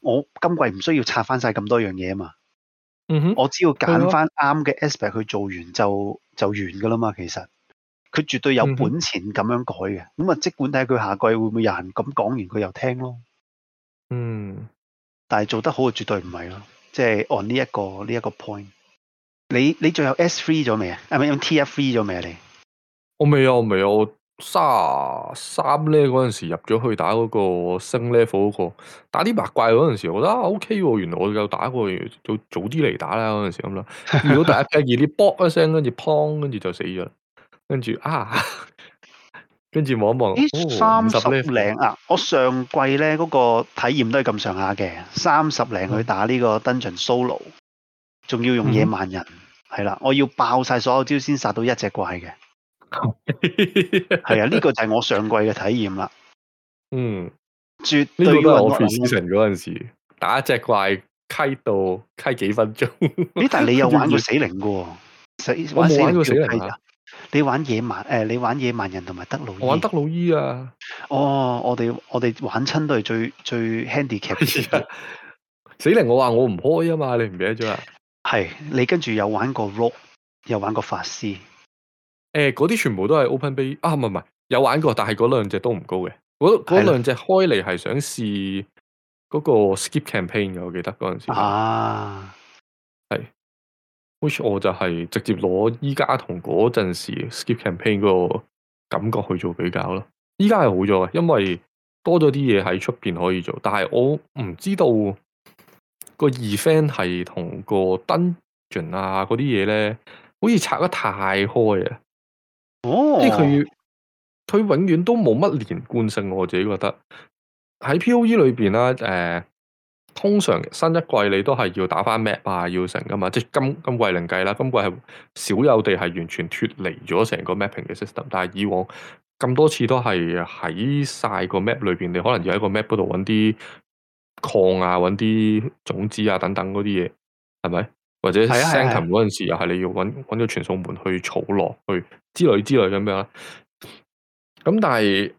我今季唔需要拆翻晒咁多樣嘢啊嘛，嗯、哼，我只要揀翻啱嘅 aspect 去做完就、嗯、就完噶啦嘛，其實佢絕對有本錢咁樣改嘅，咁啊即管睇下佢下季會唔會有人咁講完佢又聽咯，嗯，但係做得好就，絕對唔係咯，即係按呢一個呢一、這個 point，你你最後 S3 咗未啊？啊唔係用 TF3 咗未啊？你我未啊，未有，未有。我三三咧嗰陣時入咗去打嗰個升 level 嗰、那個打啲白怪嗰陣時，我覺得 OK 喎，原來我夠打過，早早啲嚟打啦嗰陣時咁啦。如果第一 p a i 啲卜一聲，跟住砰，跟住就死咗，跟住啊，跟住望一望，三十零啊！我上季咧嗰、那個體驗都係咁上下嘅，三十零去打呢個 dungeon solo，仲要用野蠻人係啦、嗯，我要爆晒所有招先殺到一隻怪嘅。係 啊，呢、這個就係我上季嘅體驗啦。嗯，絕對。嗯這個、我《c r e 嗰陣時打一隻怪，溪到溪，到溪幾分鐘。咦？但係你有玩過死靈嘅？死 玩死個死靈啊！你玩野蠻誒、呃？你玩野蠻人同埋德魯伊？我玩德魯伊啊！哦，我哋我哋玩親都係最最 handicap、啊。死靈，我話我唔開啊嘛，你唔記得咗啦？係、啊、你跟住有玩過 Rogue，又玩過法師。誒、呃，嗰啲全部都係 open beta 啊，唔係，唔係有玩過，但係嗰兩隻都唔高嘅。嗰嗰兩隻開嚟係想試嗰個 skip campaign 嘅，我記得嗰陣時。啊，係，which 我，我就係直接攞依家同嗰陣時 skip campaign 嗰個感覺去做比較咯。依家係好咗嘅，因為多咗啲嘢喺出邊可以做，但係我唔知道個 event 係同個 dungeon 啊嗰啲嘢咧，好似拆得太開啊。哦，即係佢，佢永遠都冇乜連貫性。我自己覺得喺 P O E 裏邊啦，誒、呃，通常新一季你都係要打返 map 啊，要成噶嘛。即係今今季零計啦，今季係少有地係完全脫離咗成個 mapping 嘅 system。但係以往咁多次都係喺晒個 map 裏邊，你可能要喺個 map 嗰度揾啲礦啊，揾啲種子啊，等等嗰啲嘢，係咪？或者 system 嗰陣時又係你要揾揾個傳送門去儲落去之類之類咁樣，咁但係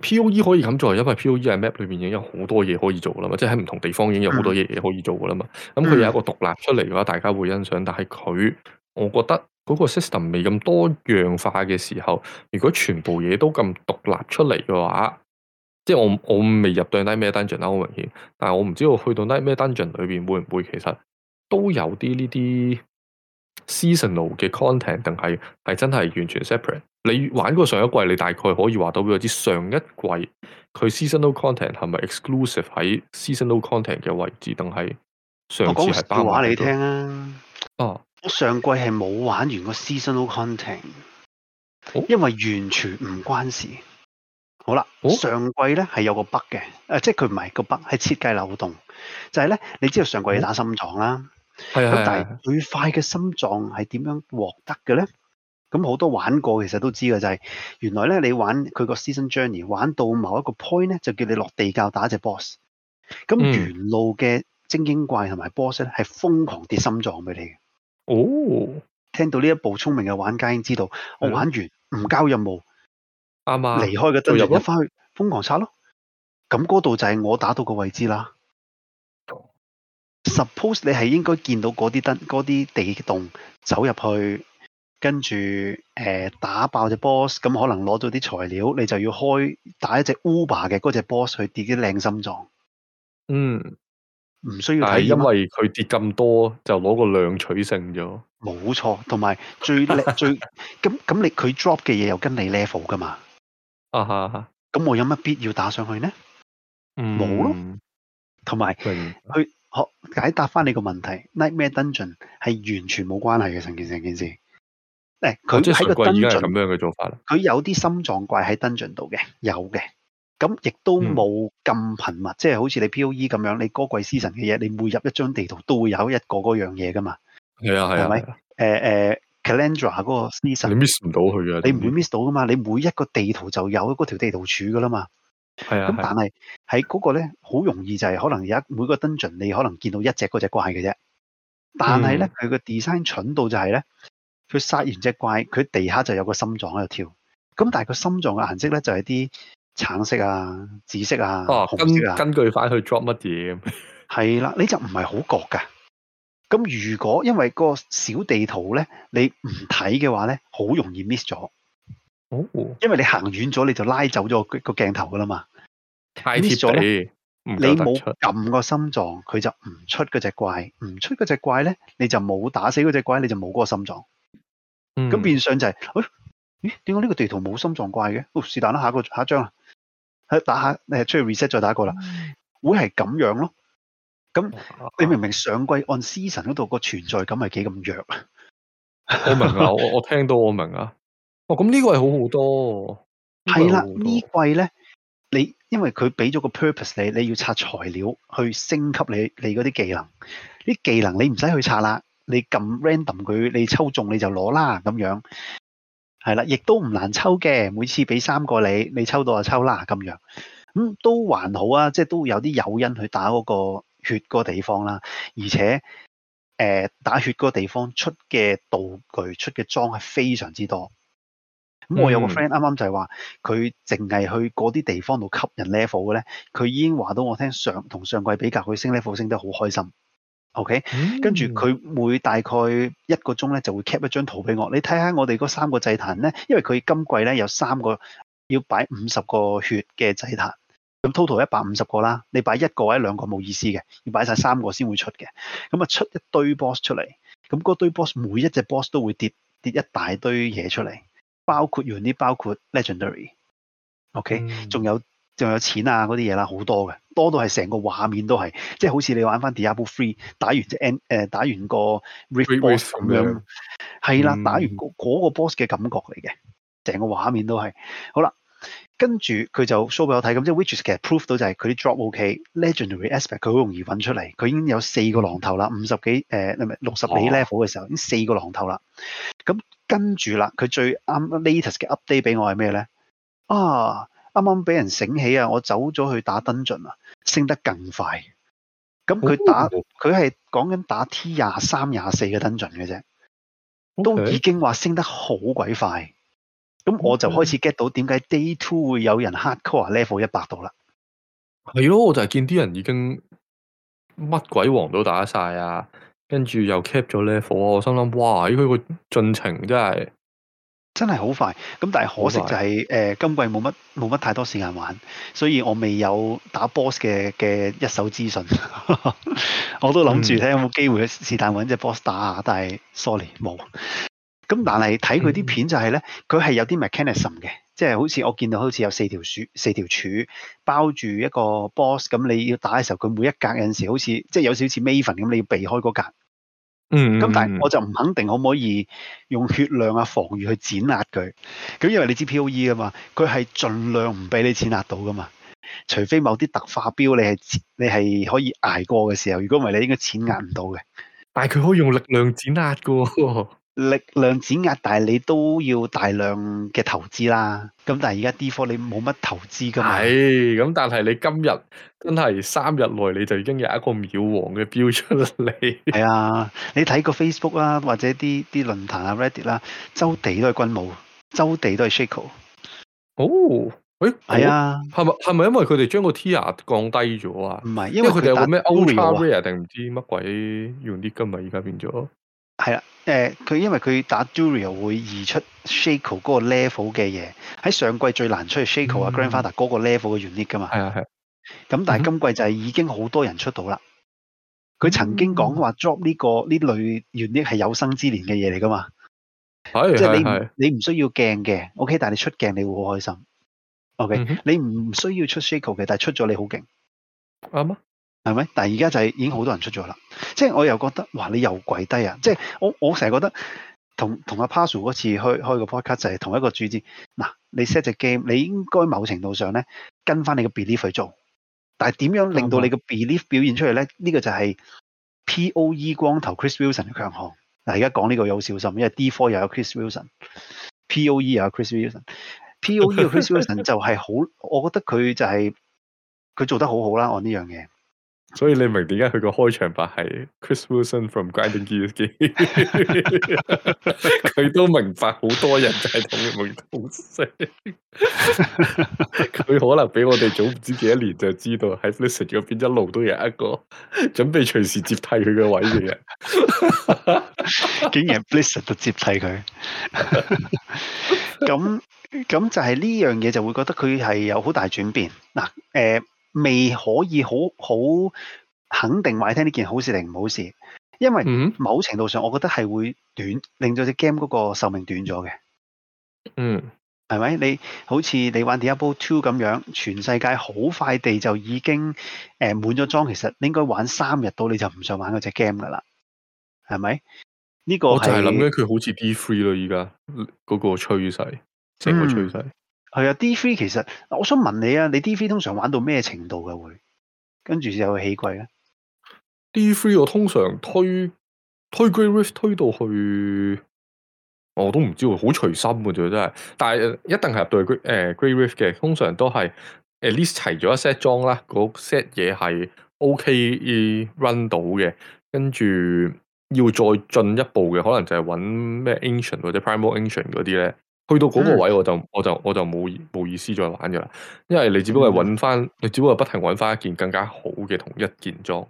P O E 可以咁做，因為 P O E 喺 map 裏邊已經有好多嘢可以做啦嘛，即係喺唔同地方已經有好多嘢嘢可以做噶啦嘛。咁、嗯、佢、嗯、有一個獨立出嚟嘅話，大家會欣賞。但係佢，我覺得嗰個 system 未咁多樣化嘅時候，如果全部嘢都咁獨立出嚟嘅話，即係我我未入到 nightmare dungeon 啦，好明顯。但係我唔知道去到 nightmare dungeon 裏邊會唔會其實。都有啲呢啲 seasonal 嘅 content，定係係真係完全 separate。你玩過上一季，你大概可以話到俾我知：上一季佢 seasonal content 係咪 exclusive 喺 seasonal content 嘅位置？定係上次係包埋話你聽啊，哦、啊，我上季係冇玩完個 seasonal content，因為完全唔關事。好啦、哦，上季咧係有個 bug 嘅，誒、呃，即係佢唔係個 bug，係設計漏洞。就係、是、咧，你知道上季要打心臟啦。哦。係啊，但係最快嘅心臟係點樣獲得嘅咧？咁好多玩過，其實都知嘅就係、是、原來咧，你玩佢個 season journey，玩到某一個 point 咧，就叫你落地窖打隻 boss。咁沿路嘅精英怪同埋 boss 咧，係瘋狂跌心臟俾你嘅、嗯。哦，聽到呢一步聰明嘅玩家已經知道，我玩完唔交任務，啱、嗯、啊，離開個 dungeon，一翻去瘋狂刷咯。咁嗰度就係我打到個位置啦。Suppose 你係應該見到嗰啲燈，嗰啲地洞走入去，跟住誒、呃、打爆隻 boss，咁可能攞到啲材料，你就要開打一隻 Uber 嘅嗰隻 boss 去跌啲靚心臟。嗯，唔需要睇。但係因為佢跌咁多，啊、就攞個量取勝咗。冇錯，同埋最叻最咁咁， 那那你佢 drop 嘅嘢又跟你 level 噶嘛？啊哈，哈，咁我有乜必要打上去呢？冇、嗯、咯，同埋佢。好解答翻你個問題 Nightmare Dungeon 係完全冇關係嘅成件事，成件事。誒，佢喺個 Dungeon 係咁樣嘅做法啦。佢有啲心臟怪喺 Dungeon 度嘅，有嘅。咁亦都冇咁頻密，嗯、即係好似你 P.O.E 咁樣，你哥貴司神嘅嘢，你每入一張地圖都會有一個嗰樣嘢噶嘛。係啊係啊，係咪？Calandra 嗰個司神，你 miss 唔到佢嘅，你唔會 miss 到噶嘛、嗯。你每一個地圖就有嗰條地圖柱噶啦嘛。係啊，是啊但是在那，咁但係喺嗰個咧，好容易就係、是、可能有一每個 dungeon，你可能見到一隻嗰隻怪嘅啫。但係咧，佢、嗯、個 design 蠢到就係、是、咧，佢殺完隻怪，佢地下就有個心臟喺度跳。咁但係個心臟嘅顏色咧，就係、是、啲橙色啊、紫色啊。哦、啊啊，紅色啊、根根據翻去 drop 乜嘢？係 啦，你就唔係好覺㗎。咁如果因為個小地圖咧，你唔睇嘅話咧，好容易 miss 咗。因為你行遠咗，你就拉走咗個個鏡頭噶啦嘛。太蝕咗你冇撳個心臟，佢就唔出嗰隻怪，唔出嗰隻怪咧，你就冇打死嗰隻怪，你就冇嗰個心臟。咁、嗯、變相就係、是哎，咦？點解呢個地圖冇心臟怪嘅？是但啦，下一個下張啦，係打下你係出去 reset 再打一個啦、嗯，會係咁樣咯。咁你明唔明上季按 season 嗰度個存在感係幾咁弱？我明啊， 我我聽到我明啊。哦，咁呢係好好多，係、這、啦、個，季呢季咧，你因為佢俾咗個 purpose 你，你要拆材料去升級你你嗰啲技能，啲技能你唔使去拆啦，你撳 random 佢，你抽中你就攞啦咁樣，係啦，亦都唔難抽嘅，每次俾三個你，你抽到就抽啦咁樣，咁、嗯、都還好啊，即係都有啲誘因去打嗰個血個地方啦、啊，而且誒、呃、打血個地方出嘅道具出嘅裝係非常之多。咁、嗯、我有個 friend 啱啱就係話，佢淨係去嗰啲地方度吸引人 level 嘅咧，佢已經話到我聽上同上季比較，佢升 level 升得好開心。OK，、嗯、跟住佢每大概一個鐘咧就會 cap 一張圖俾我，你睇下我哋嗰三個祭壇咧，因為佢今季咧有三個要擺五十個血嘅祭壇，咁 total 一百五十個啦，你擺一個或者兩個冇意思嘅，要擺晒三個先會出嘅。咁啊出一堆 boss 出嚟，咁嗰堆 boss 每一隻 boss 都會跌跌一大堆嘢出嚟。包括完啲，包括 legendary，OK，、okay？仲、嗯、有仲有錢啊嗰啲嘢啦，好多嘅，多到係成個畫面都係，即係好似你玩翻 Diablo Three，打完隻 n 誒打完個 rebirth 咁樣，嗯、係啦，打完個個 boss 嘅感覺嚟嘅，成個畫面都係，好啦。跟住佢就 show 俾我睇，咁即係 which is 其實 prove 到就係佢啲 drop ok legendary aspect 佢好容易揾出嚟，佢已經有四個狼頭啦，五十幾誒、呃、六十幾 level 嘅時候、啊、已經四個狼頭啦。咁跟住啦，佢最啱 latest 嘅 update 俾我係咩咧？啊，啱啱俾人醒起啊，我走咗去打 dungeon 啊，升得更快。咁佢打佢係講緊打 T 廿三廿四嘅 dungeon 嘅啫，都已經話升得好鬼快。咁、嗯、我就開始 get 到點解 Day Two 會有人 hard core level 一百度啦。係咯，我就係見啲人已經乜鬼王都打晒啊，跟住又 keep 咗 level 我心諗哇，佢、這個個進程真係真係好快。咁但係可惜就係、是、誒、呃、今季冇乜冇乜太多時間玩，所以我未有打 boss 嘅嘅一手資訊。 我都諗住睇有冇機會去是但揾隻 boss 打下、嗯，但係 sorry 冇。咁、嗯、但係睇佢啲片就係咧，佢係有啲 mechanism 嘅，即係好似我見到好似有四條鼠、四條柱包住一個 boss，咁你要打嘅時候，佢每一格有陣時好似即係有少少似 maze 咁，你要避開嗰格。嗯。咁但係我就唔肯定可唔可以用血量啊、防禦去碾壓佢。咁因為你知 POE 噶嘛，佢係盡量唔俾你碾壓到噶嘛，除非某啲特化標你係你係可以捱過嘅時候，如果唔係你應該碾壓唔到嘅。但係佢可以用力量碾壓嘅、哦。 力量剪壓大，但你都要大量嘅投資啦。咁但係而家 D4 你冇乜投資噶嘛？係咁，但係你今日真係三日內你就已經有一個秒王嘅標出嚟。係啊，你睇個 Facebook 啦、啊，或者啲啲論壇啊，Reddit 啦、啊，周地都係軍武，周地都係 Shako。哦，誒、欸，係啊，係咪係咪因為佢哋將個 TIA 降低咗啊？唔係，因為佢哋有打咩 Ultra Rare 定唔知乜鬼用啲噶嘛？而家變咗。係啦，誒、呃，佢因為佢打 Duriel 會移出 Shako 嗰個 level 嘅嘢，喺上季最難出 Shako 啊、嗯、，Grandfather 嗰個 level 嘅 unique 噶嘛。係啊係。咁但係今季就係已經好多人出到啦。佢曾經講話 drop 呢、呢個呢、嗯、類 unique 係有生之年嘅嘢嚟噶嘛，是即係你唔是是你唔需要鏡嘅，OK，但係你出鏡你會好開心。OK，、嗯、你唔需要出 Shako 嘅，但係出咗你好勁。啱啊。係咪？但係而家就係已經好多人出咗啦，即係我又覺得哇，你又跪低啊！即係我我成日覺得同同阿 Parsol 嗰次開開個 podcast 就係同一個主旨。嗱，你 set 隻 game，你應該某程度上咧跟翻你個 belief 去做。但係點樣令到你個 belief 表現出嚟咧？呢、嗯嗯這個就係 P.O.E 光頭 Chris Wilson 嘅強項。嗱，而家講呢個有小心，因為 D4 又有 Chris Wilson，P.O.E 又有 Chris Wilson，P.O.E 有 Chris Wilson，有 Chris Wilson，有 Chris Wilson 就係好，我覺得佢就係、是、佢做得好好啦。按呢樣嘢。所以你明點解佢個開場白係 Chris Wilson from Grinding Gears 嘅？佢都明白好多人就係同一種東西。佢可能比我哋早唔知幾多年就知道，喺 Blizzard 嗰邊一路都有一個準備隨時接替佢嘅位嘅人。竟然 Blizzard 都接替佢。 咁咁就係呢樣嘢，就會覺得佢係有好大轉變。嗱，誒、欸。未可以好好肯定話你聽呢件好事定唔好事，因為某程度上我覺得係會短，令到隻 game 嗰個壽命短咗嘅。嗯，係咪？你好似你玩 D two 咁樣，全世界好快地就已經誒滿咗裝，其實你應該玩三日到你就唔想玩嗰隻 game 噶啦。係咪？呢個我就係諗緊佢好似 D three 咯，而家嗰個趨勢，成個趨勢。嗯係啊 D3 其實，我想問你啊，你 D3 通常玩到咩程度嘅會？跟住就有冇喜貴咧 D3 我通常推推 Great Rift，推到去我都唔知喎，好隨心嘅啫，真係。但係一定係入到去 Great Rift 誒 Great Rift 嘅，通常都係 at least 齊咗一 set 裝啦，嗰 set 嘢係 OK run 到嘅。跟住要再進一步嘅，可能就係揾咩 ancient 或者 primal ancient 嗰啲咧。去到嗰個位我就、嗯、我就我就冇冇意思再玩噶啦，因為你只不過係揾翻，你只不過不停揾翻一件更加好嘅同一件裝，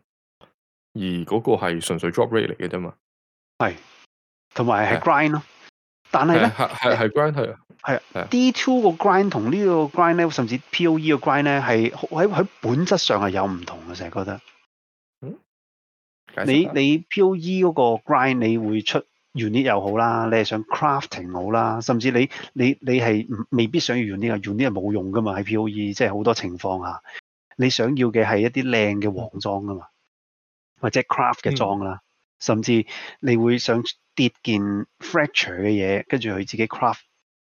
而嗰個係純粹 drop rate 嚟嘅啫嘛。係，同埋係 grind 咯。但係咧，係係係 grind 係。係啊，D two 個 grind 同呢個 grind 咧，甚至 P O E 個 grind 咧，係喺喺本質上係有唔同嘅，成日覺得。嗯。你你 P O E 嗰個 grind 你會出？原啲又好啦，你係想 crafting 好啦，甚至你你你係未必想要原啲。啊，原啲係冇用噶嘛，喺 POE 即係好多情況下，你想要嘅係一啲靚嘅黃裝㗎嘛、嗯，或者 craft 嘅裝啦、嗯，甚至你會想跌件 fracture 嘅嘢，跟住佢自己 craft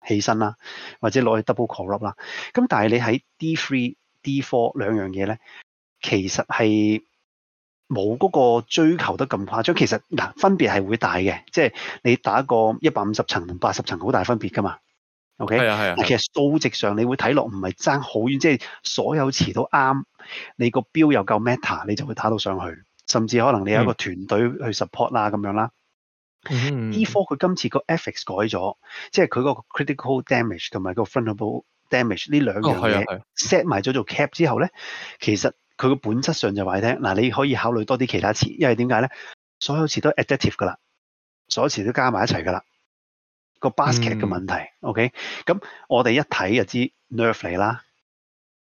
起身啦，或者攞去 double corrupt 啦，咁但係你喺 D3、D4 兩樣嘢咧，其實係。冇嗰個追求得咁誇張，其實嗱分別係會大嘅，即係你打個一百五十層同八十層好大分別噶嘛。OK，係啊啊。啊其實數值上你會睇落唔係爭好遠，即係所有詞都啱，你個標又夠 meta 你就會打到上去。甚至可能你有一個團隊去 support 啦、嗯、咁樣啦。嗯嗯、E4 佢今次個 effects 改咗，即係佢個 critical damage 同埋個 vulnerable damage 呢兩樣嘢 set 埋咗做 cap 之後咧，其實。佢個本質上就話你聽，嗱你可以考慮多啲其他詞，因為點解咧？所有詞都 additive 噶啦，所有詞都加埋一齊噶啦，個 basket 嘅問題。嗯、OK，咁我哋一睇就知 nerf 嚟啦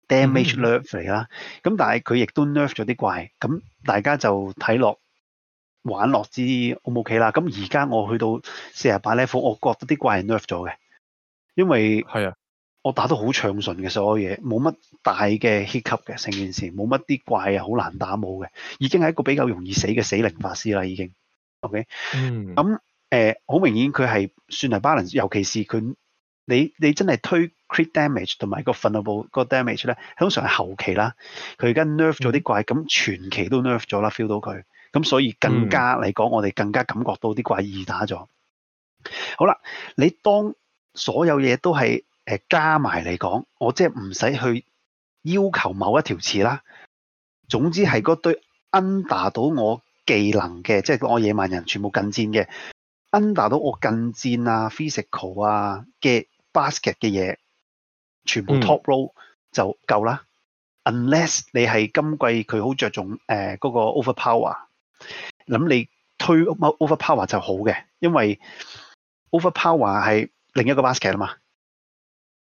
，damage nerf 嚟啦。咁、嗯嗯、但係佢亦都 nerf 咗啲怪。咁大家就睇落玩落知 O 唔 OK 啦。咁而家我去到四十八 level，我覺得啲怪係 nerf 咗嘅，因為係啊。我打得好暢順嘅所有嘢，冇乜大嘅 hiccup 嘅成件事，冇乜啲怪啊好難打冇嘅，已經係一個比較容易死嘅死靈法師啦已經。OK，咁、嗯、好、呃、明顯佢係算係 balance，尤其是佢你你真係推 crit damage 同埋個 vulnerable 個 damage 咧，通常係後期啦。佢而家 nerf 咗啲怪，咁、嗯、全期都 nerf 咗啦，feel 到佢，咁所以更加嚟講、嗯，我哋更加感覺到啲怪易打咗。好啦，你當所有嘢都係。誒加埋嚟講，我即係唔使去要求某一條詞啦。總之係嗰堆 under 到我技能嘅，即係我野蠻人全部近戰嘅 under 到我近戰啊，physical 啊嘅 basket 嘅嘢，全部 top row 就夠啦。嗯、Unless 你係今季佢好着重誒嗰個 overpower，諗你推 overpower 就好嘅，因為 overpower 係另一個 basket 啊嘛。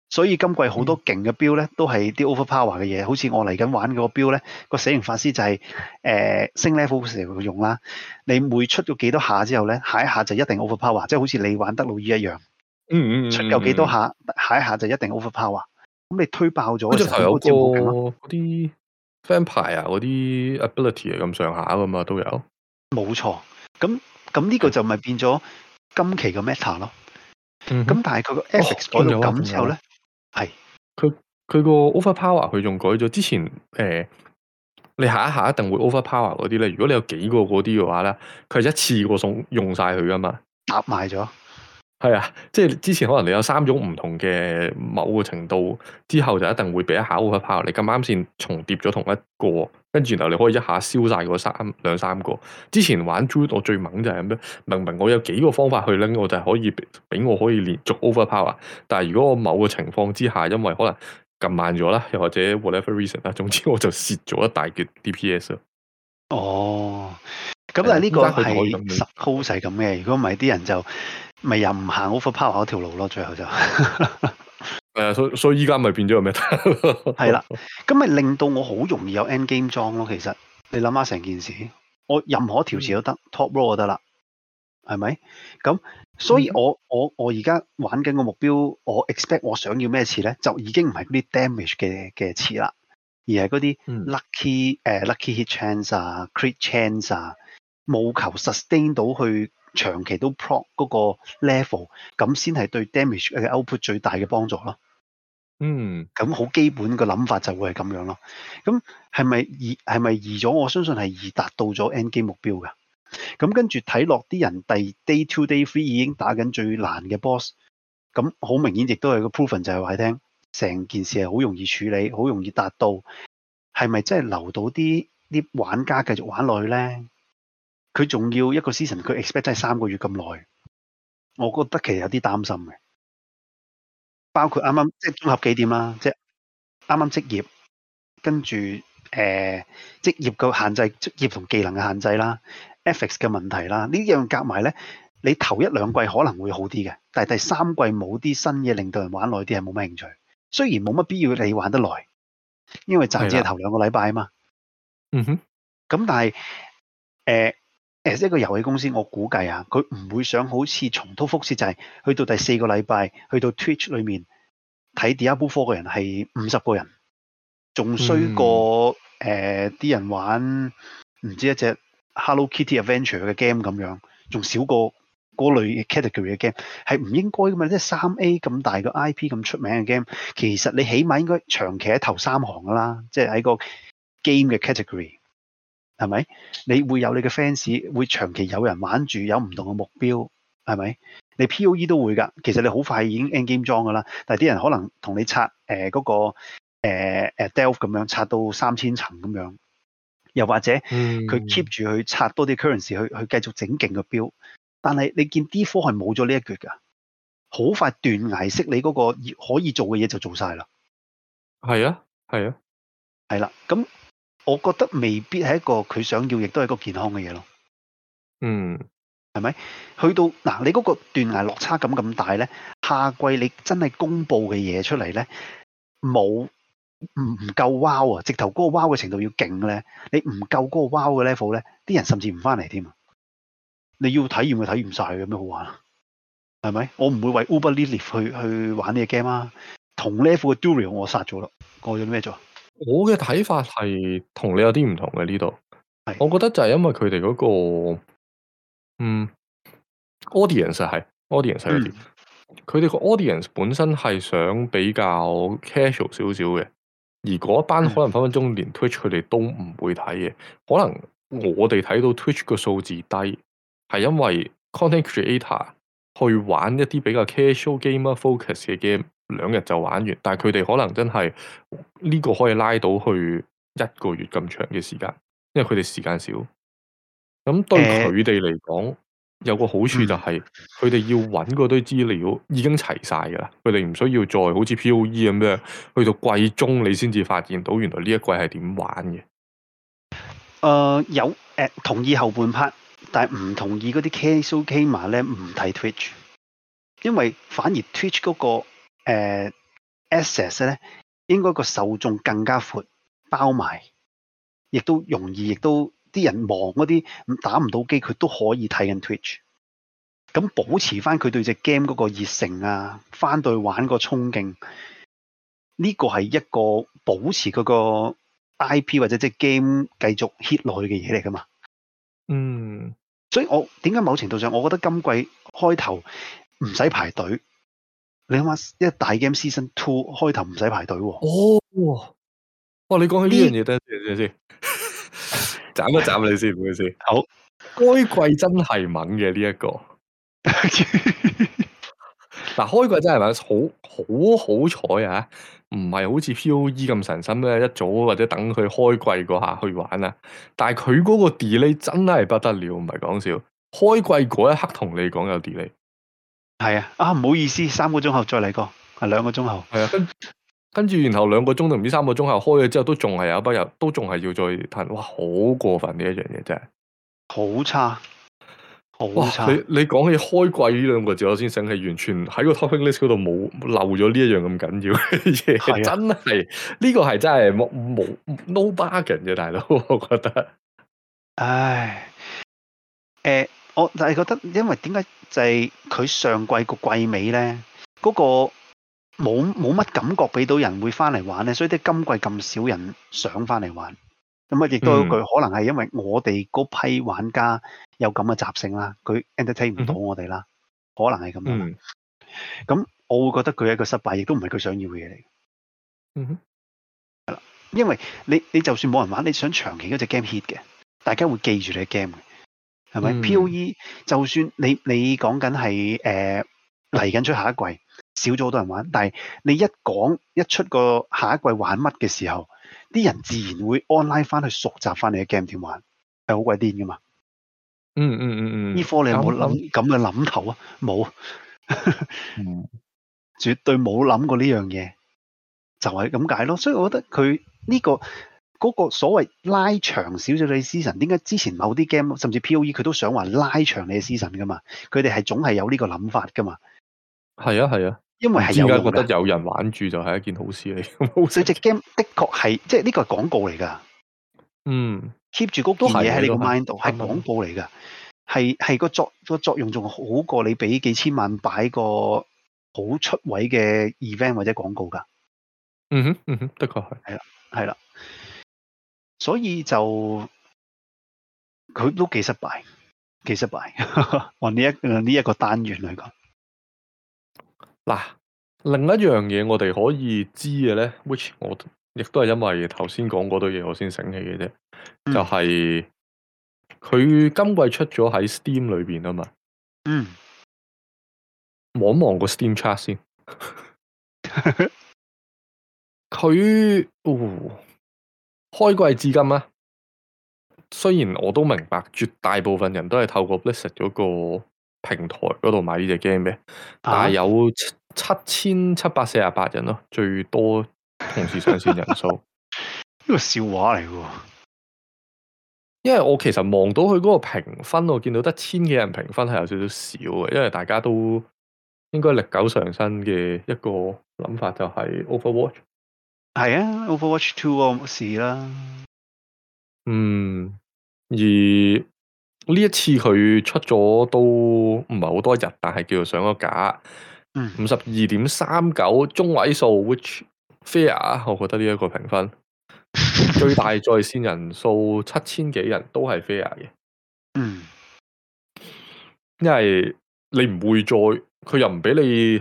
所以今季好多勁嘅標咧，都係啲 overpower 嘅嘢。好似我嚟緊玩嘅個標咧，個死靈法師就係、是、誒、呃、升 level 嘅時候用啦。你每出咗幾多下之後咧，下一下就一定 overpower，即係好似你玩德魯伊一樣。嗯嗯出夠幾多下，下一下就一定 overpower。咁你推爆咗，好似頭有個嗰啲 fan 牌啊，嗰、那、啲、個、ability 咁上下噶嘛，都有。冇錯，咁咁呢個就咪變咗今期嘅 meta 咯。嗯。咁但係佢個 ex 改到咁之後咧？係佢佢個 overpower，佢仲改咗之前，誒、呃，你下一下一定會 overpower 嗰啲咧。如果你有幾個嗰啲嘅話咧，佢係一次過送用晒佢噶嘛，搭埋咗。係啊，即係之前可能你有三種唔同嘅某個程度，之後就一定會俾一下 overpower。你咁啱先重疊咗同一個，跟住然後你可以一下燒晒嗰三兩三個。之前玩 Druid 我最猛就係咁樣，明明我有幾個方法去拎，我就係可以俾我可以連續 overpower。但係如果我某個情況之下，因為可能撳慢咗啦，又或者 whatever reason 啦，總之我就蝕咗一大截 DPS 哦，咁但係呢個係、啊、十毫，係咁嘅。如果唔係，啲人就。咪又唔行 overpower 嗰條路咯，最後就誒，所以所以依家咪變咗有咩？係 啦，咁咪令到我好容易有 end game 裝咯。其實你諗下成件事，我任何條詞都得、嗯、top row 就得啦，係咪？咁所以我，我我我而家玩緊個目標，我 expect 我想要咩詞咧，就已經唔係嗰啲 damage 嘅嘅詞啦，而係嗰啲 lucky、嗯 uh, lucky hit chance 啊，crit chance 啊，務求 sustain 到去。長期都 pro 嗰個 level，咁先係對 damage 嘅 output 最大嘅幫助咯。嗯，咁好基本嘅諗法就會係咁樣咯。咁係咪移係咪移咗？是是我相信係易達到咗 NG 目標噶。咁跟住睇落啲人第 day two day three 已經打緊最難嘅 boss，咁好明顯亦都係個 proven 就係話你聽，成件事係好容易處理，好容易達到。係咪真係留到啲啲玩家繼續玩落去咧？佢仲要一個 season，佢 expect 真係三個月咁耐，我覺得其實有啲擔心嘅。包括啱啱即係綜合幾點啦，即係啱啱職業，跟住誒、呃、職業嘅限制、職業同技能嘅限制啦，effic 嘅問題啦，呢樣夾埋咧，你頭一兩季可能會好啲嘅，但係第三季冇啲新嘢令到人玩耐啲係冇咩興趣。雖然冇乜必要你玩得耐，因為賺錢係頭兩個禮拜啊嘛。嗯哼。咁但係誒一個遊戲公司，我估計啊，佢唔會想好似重蹈覆轍，就係、是、去到第四個禮拜，去到 Twitch 裏面睇 Diablo Four 嘅人係五十個人，仲衰過誒啲、嗯呃、人玩唔知一隻 Hello Kitty Adventure 嘅 game 咁樣，仲少過嗰類嘅 category 嘅 game，係唔應該噶嘛？即係三 A 咁大個 IP 咁出名嘅 game，其實你起碼應該長期喺頭三行噶啦，即係喺個 game 嘅 category。係咪？你會有你嘅 fans，會長期有人玩住，有唔同嘅目標，係咪？你 PoE 都會噶，其實你好快已經 end game 裝噶啦。但係啲人可能同你刷誒嗰、呃那個誒誒、呃、Delve 咁樣刷到三千層咁樣，又或者佢 keep 住去刷多啲 currency、嗯、去去繼續整勁個 build。但係你見 D4 係冇咗呢一橛噶，好快斷崖式，你嗰個可以做嘅嘢就做晒啦。係啊，係啊，係啦，咁。我覺得未必係一個佢想要，亦都係一個健康嘅嘢咯。嗯，係咪？去到嗱，你嗰個斷崖落差感咁大咧，下季你真係公布嘅嘢出嚟咧，冇唔夠 wow 啊！Vow，直頭嗰個 wow 嘅程度要勁咧，你唔夠嗰個 wow 嘅 level 咧，啲人甚至唔返嚟添啊！你要體驗嘅體驗曬，有咩好玩？啊，係咪？我唔會為 Uber Lilith 去去玩呢個 game 啊！同 level 嘅 Duriel 我殺咗咯，過咗咩做？我嘅睇法係同你有啲唔同嘅呢度，我覺得就係因為佢哋嗰個，嗯，audience 係 audience 嗰佢哋個 audience 本身係想比較 casual 少少嘅，而嗰班可能分分鐘連 Twitch 佢哋都唔會睇嘅，可能我哋睇到 Twitch 個數字低，係因為 content creator 去玩一啲比較 casual gamer focus 嘅 game。兩日就玩完，但係佢哋可能真係呢、這個可以拉到去一個月咁長嘅時間，因為佢哋時間少。咁對佢哋嚟講有個好處就係佢哋要揾嗰堆資料已經齊晒噶啦，佢哋唔需要再好似 P O E 咁樣去到季中你先至發現到原來呢一季係點玩嘅。誒、呃，有誒、呃、同意後半 part，但係唔同意嗰啲 casual gamer 咧唔睇 Twitch，因為反而 Twitch 嗰、那個。誒、uh, access 咧，應該個受眾更加闊，包埋，亦都容易，亦都啲人忙嗰啲打唔到機，佢都可以睇緊 Twitch，咁保持翻佢對隻 game 嗰個熱誠啊，翻對玩個衝勁，呢個係一個保持嗰個 IP 或者即係 game 繼續 hit 落去嘅嘢嚟噶嘛。嗯，所以我點解某程度上，我覺得今季開頭唔使排隊。你諗下，一大 game season two 開頭唔使排隊喎、啊哦。哦，你講起呢樣嘢得，先先先，斬 一斬你先，唔好意思。好，開 季真係猛嘅呢一個。嗱、 呃，開季真係猛，好好好彩啊！唔係好似 POE 咁神心咧，一早或者等佢開季嗰下去玩啦、啊。但係佢嗰個 delay 真係不得了，唔係講笑。開季嗰一刻同你講有 delay。係啊，啊唔好意思，三個鐘後再嚟過，啊兩個鐘後，係啊，跟住然後兩個鐘到唔知三個鐘後開咗之後都仲係有一筆入，都仲係要再嘆，哇好過分呢一樣嘢真係，好差，好差。你你講起開季呢兩個字，我先醒起完全喺個 topic list 嗰度冇漏咗呢一樣咁緊要嘅嘢、啊，真係呢、這個係真係冇冇 no bargain 嘅大佬，我覺得，唉，誒、呃。我就係覺得，因為點解就係佢上季個季尾咧，嗰、嗰個冇冇乜感覺俾到人會翻嚟玩咧，所以啲今季咁少人想翻嚟玩。咁啊，亦都佢可能係因為我哋嗰批玩家有咁嘅習性啦，佢 entertain 唔到我哋啦、嗯，可能係咁啦。咁、嗯、我會覺得佢係一個失敗，亦都唔係佢想要嘅嘢嚟。嗯哼。因為你你就算冇人玩，你想長期嗰隻 game hit 嘅，大家會記住你嘅 game 嘅。係咪、mm-hmm.？P.O.E. 就算你你講緊係誒嚟緊出下一季少咗好多人玩，但係你一講一出個下一季玩乜嘅時候，啲人自然會 online 翻去熟習翻你嘅 game 點玩，係好鬼癲噶嘛？嗯嗯嗯嗯 Eco 你有冇諗咁嘅諗頭啊？冇，嗯，絕對冇諗過呢樣嘢，就係咁解咯。所以我覺得佢呢、這個。嗰、那個所謂拉長少少你嘅 season，點解之前某啲 game 甚至 PoE 佢都想話拉長你嘅 season 噶嘛？佢哋係總係有呢個諗法噶嘛？係啊係啊，因為係點解覺得有人玩住就係一件好事嚟？所以隻 game 的確係即係呢個係廣告嚟噶，嗯，keep 住嗰都係喺你個 mind 度係廣告嚟噶，係係個作個作用仲好過你俾幾千萬擺個好出位嘅 event 或者廣告噶。嗯哼嗯哼，的確係係啦係啦。是所以就佢都幾失敗，幾失敗。按呢一呢一個單元嚟講，嗱，另一樣嘢我哋可以知嘅咧，which 我亦都係因為頭先講嗰堆嘢，我先醒起嘅啫。就係佢今季出咗喺 Steam 裏邊啊嘛。嗯，望望個 Steam Chart 先。佢， 哦。開季至今啊，雖然我都明白絕大部分人都係透過 Blizzard 嗰個平台嗰度買呢隻 game 咩，但係有七千七百四十八人咯，最多同時上線人數。呢個笑話嚟嘅，因為我其實望到佢嗰個評分，我見到得千幾人評分係有少少少嘅，因為大家都應該歷久常新嘅一個諗法就係 Overwatch。係啊，Overwatch Two 事啦。嗯，而呢一次佢出咗都唔係好多日，但係叫做上咗架。嗯，五十二點三九中位數，which fair？我覺得呢一個評分 最大在線人數七千幾人都係 fair 嘅。嗯，因為你唔會再，佢又唔俾你，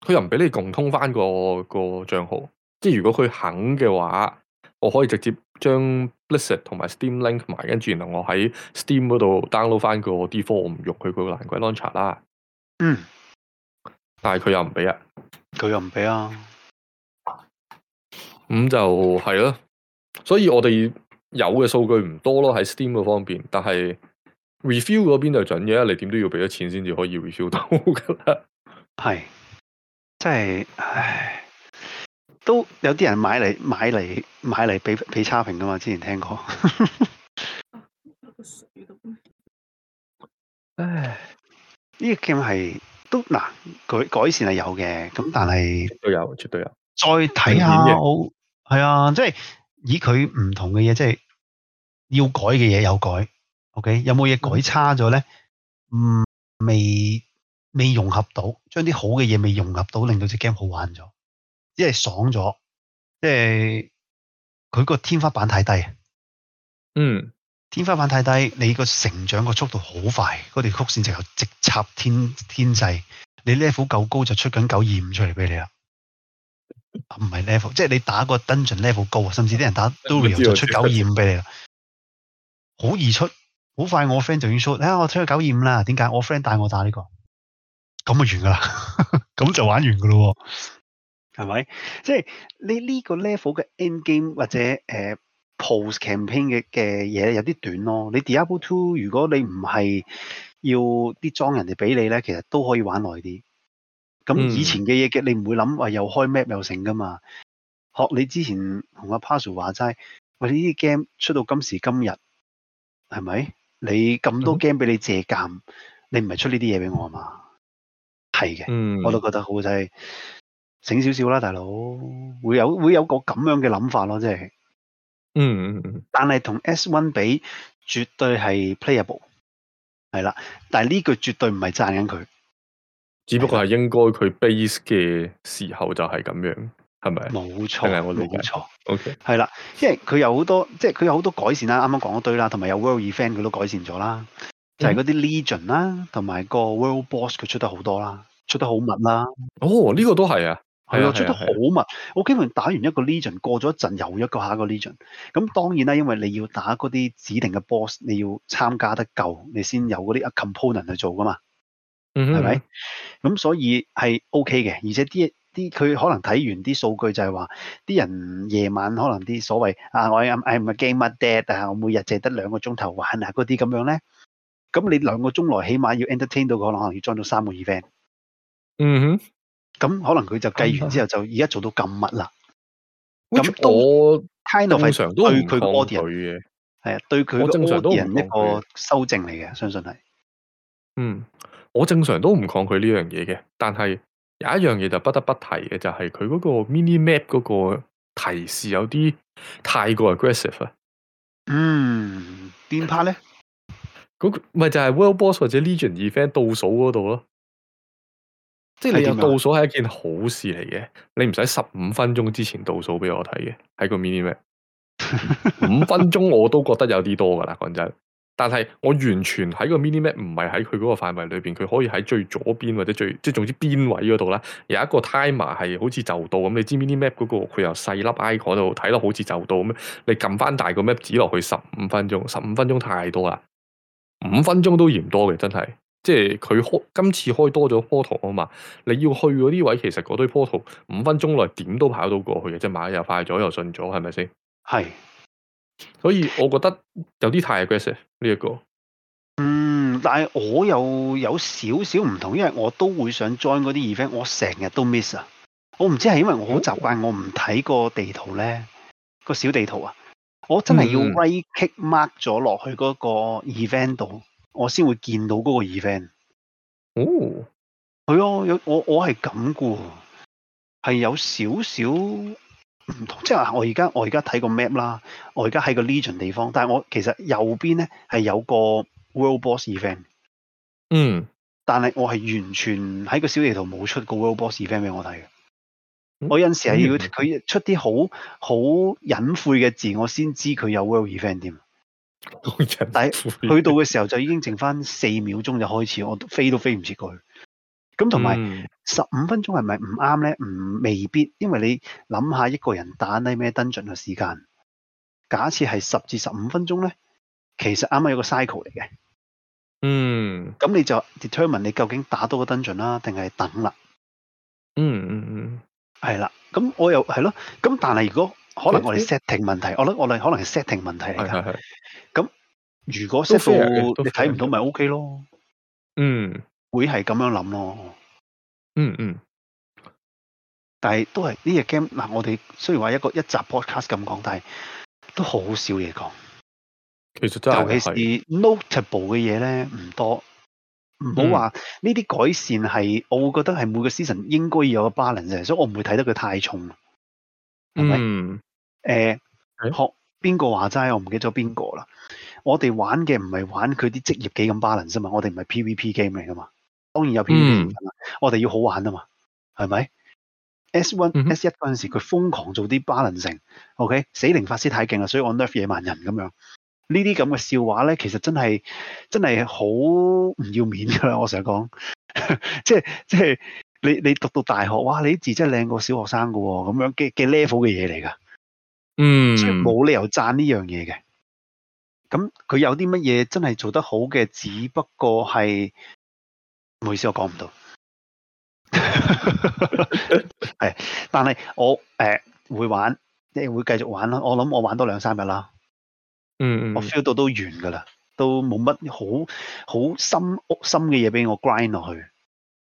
佢又唔俾你共通翻、嗰個、嗰個賬號。即係如果佢肯嘅話，我可以直接將 Blizzard 同埋 Steam link 埋，跟住然後我喺 Steam 嗰度 download 翻個 D4，我唔用佢個爛鬼 launcher 啦。嗯，但係佢又唔俾啊，佢又唔俾啊。咁就係咯。所以我哋有嘅數據唔多咯，喺 Steam 嗰方面，但係 review 嗰邊就準嘅，你點都要俾咗錢先至可以 review 到噶啦。係，即係，唉。都有啲人買嚟買嚟買嚟俾俾差評㗎嘛？之前聽過。呵呵 唉，呢個 game 係都嗱改改善係有嘅，咁但係都有絕對有。再睇下對好係啊，即係以佢唔同嘅嘢，即係要改嘅嘢有改。OK，有冇嘢改差咗咧？嗯，未未融合到，將啲好嘅嘢未融合到，令到隻 game 好玩咗。因為爽咗，即係佢個天花板太低，嗯，天花板太低，你個成長個速度好快，嗰條曲線直直插天天際，你 level 夠高就出緊九二五出嚟俾你啦，唔係 level， 即係你打個 dungeon level 高，甚至啲人打 Duriel 就出九二五俾你啦，好易出，好快。我 friend 就已經 show 出、哎。睇下我出九二五啦，點解？我 friend 帶我打呢、這個，咁就完啦，咁 就玩完噶咯。 係咪？即係你呢個 level 嘅 end game 或者誒、呃、post campaign 嘅嘅嘢有啲短咯。你 Diablo Two 如果你唔係要啲裝人哋俾你咧，其實都可以玩耐啲。咁以前嘅嘢嘅，你唔會諗話又開 map 又成噶嘛？學你之前同阿 Pascal 話齋，喂呢啲 game 出到今時今日，係咪？你咁多 game 俾你借鑒、嗯，你唔係出呢啲嘢俾我啊嘛？係嘅，我都覺得好細。醒少少啦，大佬，會有會有個咁樣嘅諗法咯，即係，嗯，嗯，嗯、但係同 S1 比，絕對係 playable，係啦，但係呢句絕對唔係讚緊佢，只不過係應該佢 base 嘅時候就係咁樣，係咪？冇錯，係我理解錯，OK，係啦，因為佢有好多，即係佢有好多改善啦，啱啱講咗一堆啦，同埋有 world event 佢都改善咗啦，就係嗰啲 legion 啦、嗯，同埋個 world boss 佢出得好多啦，出得好密啦，哦，呢個都係啊。係啊，出得好密。我基本上打完一個 Legion 過咗一陣又一個下一個 Legion 咁，當然啦，因為你要打嗰啲指定嘅 boss，你要參加得夠，你先有嗰啲 component 去做噶嘛。嗯。係咪？咁所以係 OK 嘅，而且啲啲佢可能睇完啲數據就係話，啲人夜晚可能啲所謂啊，我啱誒唔係 game 乜 dead 我每日淨得兩個鐘頭玩啊，嗰啲咁樣咧。咁你兩個鐘內起碼要 entertain 到佢，可能要 join 到三個 event。嗯哼。咁可能佢就計完之後就而家做到咁乜啦？咁、嗯、我 Kindle 非常,都正常都對佢 body 嘅，係啊，對佢都人一個修正嚟嘅，相信係。嗯，我正常都唔抗拒呢樣嘢嘅，但係有一樣嘢就不得不提嘅，就係佢嗰個 Mini Map 嗰個提示有啲太過 aggressive 啊。嗯，邊 part 咧？咪就係、是、World Boss 或者 Legion Event 倒數嗰度咯。即係你有倒數係一件好事嚟嘅，你唔使十五分鐘之前倒數俾我睇嘅，喺個 mini map 五 分鐘我都覺得有啲多噶啦，講真。但係我完全喺個 mini map 唔係喺佢嗰個範圍裏邊，佢可以喺最左邊或者最即係總之邊位嗰度啦。有一個 timer 係好似就到咁，你知 mini map 嗰、嗰個佢由細粒 icon 嗰度睇落好似就到咁？你撳翻大個 map 指落去十五分鐘，十五分鐘太多啦，五分鐘都嫌多嘅，真係。即係佢開今次開多咗 portal 啊嘛，你要去嗰啲位，其實嗰堆 portal 五分鐘內點都跑到過去嘅，即係買又快咗又順咗，係咪先？係，所以我覺得有啲太 aggressive 呢一個。嗯，但係我又有少少唔同，因為我都會想 join 嗰啲 event，我成日都 miss 啊。我唔知係因為我好習慣、哦、我唔睇個地圖咧，個小地圖啊，我真係要 right click mark 咗落去嗰個 event 度。嗯我先會見到嗰個 event 哦，係哦，有我我係咁嘅，係有少少唔同，即係話我而家我而家睇個 map 啦，我而家喺個 Legion 地方，但係我其實右邊咧係有個 world boss event，嗯，但係我係完全喺個小地圖冇出個 world boss event 俾我睇嘅。嗯，我有陣時係要佢出啲好好隱晦嘅字，我先知佢有 world event 添。 去到嘅時候就已經剩翻四秒鐘就開始，我都飛都飛唔切過去。咁同埋十五分鐘係咪唔啱咧？唔、嗯、未必，因為你諗下一個人打呢咩登進嘅時間，假設係十至十五分鐘咧，其實啱啱有個 cycle 嚟嘅。嗯，咁你就 determine 你究竟打多個登進啦，定係等啦。嗯嗯嗯，係啦。咁我又係咯。咁但係如果可能我哋 setting 問題，我諗我哋可能係 setting 問題嚟噶。咁如果 set 你睇唔到、OK，咪 OK 咯。嗯，會係咁樣諗咯。嗯嗯。但係都係呢隻 game 嗱，我哋雖然話一個一集 podcast 咁講，但係都好少嘢講。其實真係，尤其是 notable 嘅嘢咧，唔多。唔好話呢啲改善係，我會覺得係每個 season 應該要有個 balance 嘅，所以我唔會睇得佢太重。係咪？嗯。誒、欸，學邊個話齋？我唔記得咗邊個啦。我哋玩嘅唔係玩佢啲職業幾咁 balance 啫嘛。我哋唔係 PVP game 嚟噶嘛。當然有 PVP、嗯、我哋要好玩啊嘛，係咪？S one S 一嗰陣時，佢瘋狂做啲 balancing，OK，死靈法師太勁啦，所以我 nerf 野蠻人咁樣。呢啲咁嘅笑話咧，其實真係真係好唔要面噶啦。我成日講，即係即係你你讀到大學，哇！你啲字真係靚過小學生噶，咁樣嘅嘅 level 嘅嘢嚟噶。嗯，冇理由讚呢樣嘢嘅。咁佢有啲乜嘢真係做得好嘅？只不過係，唔好意思，我講唔到。係， 但係我誒、呃、會玩，即係會繼續玩啦。我諗我玩多兩三日啦。嗯，嗯我 feel 到都完噶啦，都冇乜好好深深嘅嘢俾我 grind 落去，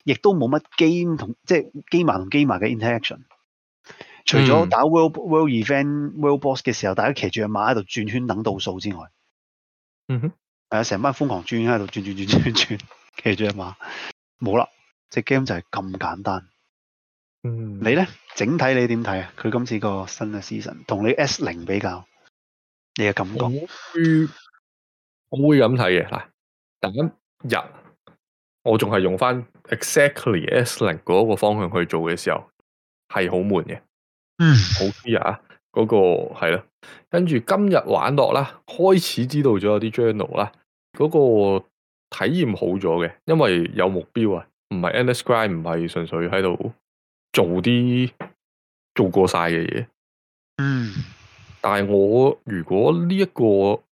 亦都冇乜 game 同即係 gamer 同 gamer 嘅 interaction。除咗打 World World Event World Boss 嘅時候，大家騎住隻馬喺度轉圈等倒數之外，嗯哼，係啊，成班瘋狂轉圈喺度轉轉轉轉轉，騎住隻馬，冇啦，隻 game 就係咁簡單。嗯，你咧整體你點睇啊？佢今次個新嘅 season 同你 S 零比較，你嘅感覺？我會我會咁睇嘅嗱，但係一我仲係用翻 Exactly S 零嗰個方向去做嘅時候，係好悶嘅。嗯，好啲啊，嗰、那個係啦，跟住今日玩落啦，開始知道咗有啲 journal 啦，嗰個體驗好咗嘅，因為有目標啊，唔係 endless grind 唔係純粹喺度做啲做過晒嘅嘢。嗯，但係我如果呢、這、一個。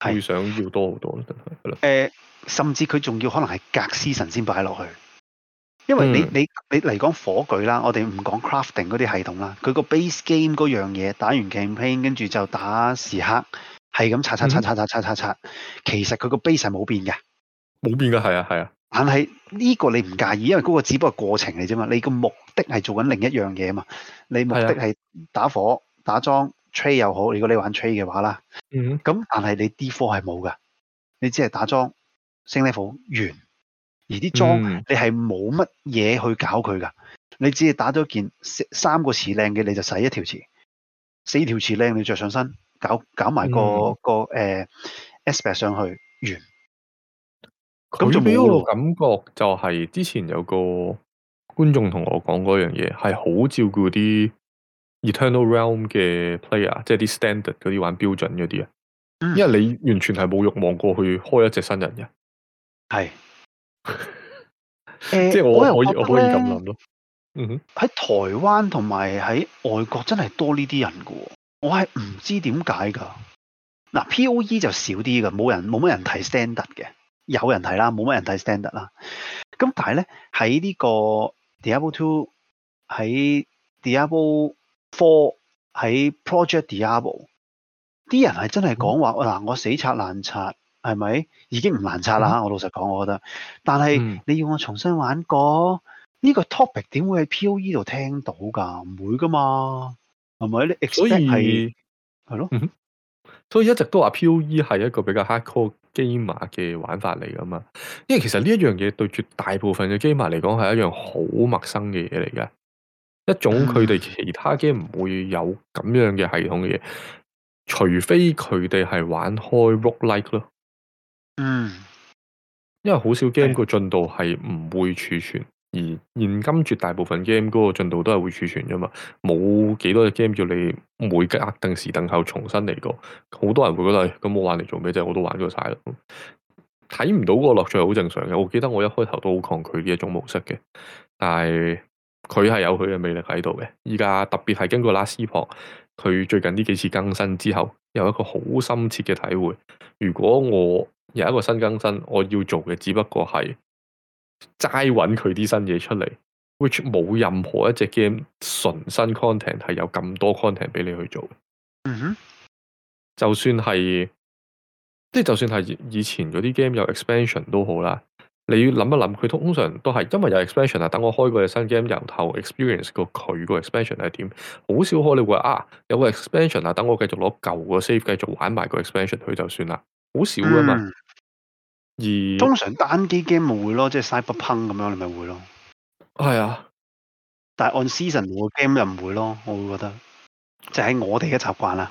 係要想要多好多啦，真係。誒、呃，甚至佢仲要可能係隔 Season 先擺落去，因為你、嗯、你你嚟講火炬啦，我哋唔講 crafting 嗰啲系統啦，佢個 base game 嗰樣嘢打完 campaign，跟住就打時刻，係咁刷刷刷刷刷刷刷，其實佢個 base 係冇變嘅，冇變嘅係啊係啊，但係呢個你唔介意，因為嗰個只不過過程嚟啫嘛，你個目的係做緊另一樣嘢啊嘛，你目的係打火、啊、打裝。trade 又好，如果你玩 trade 嘅話啦，咁、嗯、但係你 D4 係冇噶，你只係打裝升 level 完，而啲裝、嗯、你係冇乜嘢去搞佢噶，你只係打咗件三個詞靚嘅你就使一條詞，四條詞靚你着上身，搞搞埋個、嗯、個誒、呃、aspect 上去完。咁就俾我感覺就係之前有個觀眾同我講嗰樣嘢，係好照顧啲 Eternal Realm 嘅 player，即係啲 standard 嗰啲玩標準嗰啲啊，因為你完全係冇欲望過去開一隻新人嘅，係、 欸，即係我可以我,我可以咁諗咯，嗯哼，喺台灣同埋喺外國真係多呢啲人嘅，我係唔知點解噶，嗱，啊，P.O.E 就少啲嘅，冇人冇乜人睇 standard 嘅，有人睇啦，冇乜人睇 standard 啦，咁但係咧喺呢個 Diablo Two 喺 Diablo。Four 喺 Project Diablo，啲人係真係講話嗱，我死拆爛拆係咪？已經唔難拆啦吓，我老實講，我覺得。但係你要我重新玩過呢、這個 topic，點會喺 P O E 度聽到噶？唔會噶嘛，係咪？你所以係係咯、嗯，所以一直都話 P O E 係一個比較 hardcore gamer 嘅玩法嚟噶嘛。因為其實呢一樣嘢對住大部分嘅 gamer 嚟講，係一樣好陌生嘅嘢嚟嘅。一種佢哋其他 game 唔會有咁樣嘅系統嘅嘢，除非佢哋係玩開 rogue like 咯。嗯，因為好少 game 個進度係唔會儲存，而現今絕大部分 game 嗰個進度都係會儲存噶嘛，冇幾多嘅 game 叫你每隔定時等候重新嚟過。好多人會覺得咁、哎、我玩嚟做咩啫？我都玩咗晒啦，睇唔到個樂趣係好正常嘅。我記得我一開頭都好抗拒呢一種模式嘅，但係，佢係有佢嘅魅力喺度嘅，而家特別係經過《拉斯珀》，佢最近呢幾次更新之後，有一個好深切嘅體會。如果我有一個新更新，我要做嘅只不過係齋揾佢啲新嘢出嚟，mm-hmm.，which 冇任何一隻 game 純新 content 係有咁多 content 俾你去做。嗯哼，就算係，即係就算係以前嗰啲 game 有 expansion 都好啦。你要諗一諗，佢通常都係因為有 expansion 啊，等我開過新 game 由頭 experience 過佢個 expansion 係點，好少開你會啊有個 expansion 啊，等我繼續攞舊個 save 繼續玩埋個 expansion 佢就算啦，好少噶嘛。嗯、而通常單機 game 咪會咯，即係 Cyberpunk 咁樣，你咪會咯。係、哎、啊，但係按 season 個 game 又唔會咯，我會覺得就係我哋嘅習慣啦。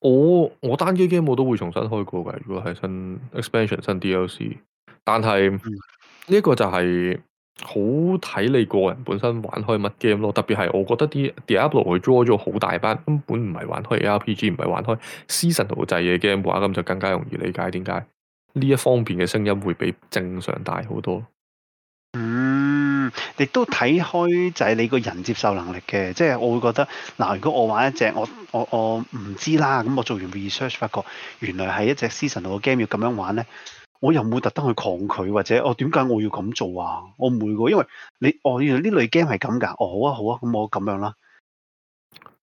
我單機我單機 game 我都會重新開過嘅，如果係新 expansion 新 DLC。但係呢、嗯，這個就係好睇你個人本身玩開乜 game 咯，特別係我覺得啲 developer 去 draw 咗好大班根本唔係玩開 ARPG，唔係玩開 seasonal 制嘢 game 玩，咁就更加容易理解點解呢一方面嘅聲音會比正常大好多。嗯，亦都睇開就係你個人接受能力嘅，即係我會覺得嗱，如果我玩一隻我我我唔知啦，咁我做完 research 發覺原來係一隻 C 神路嘅 game 要咁樣玩咧。我又唔會特登去抗拒或者哦，點解我要咁做啊？我唔會，因為你哦原來呢類 game 係咁㗎。哦好啊、哦、好啊，咁、啊、我咁樣啦。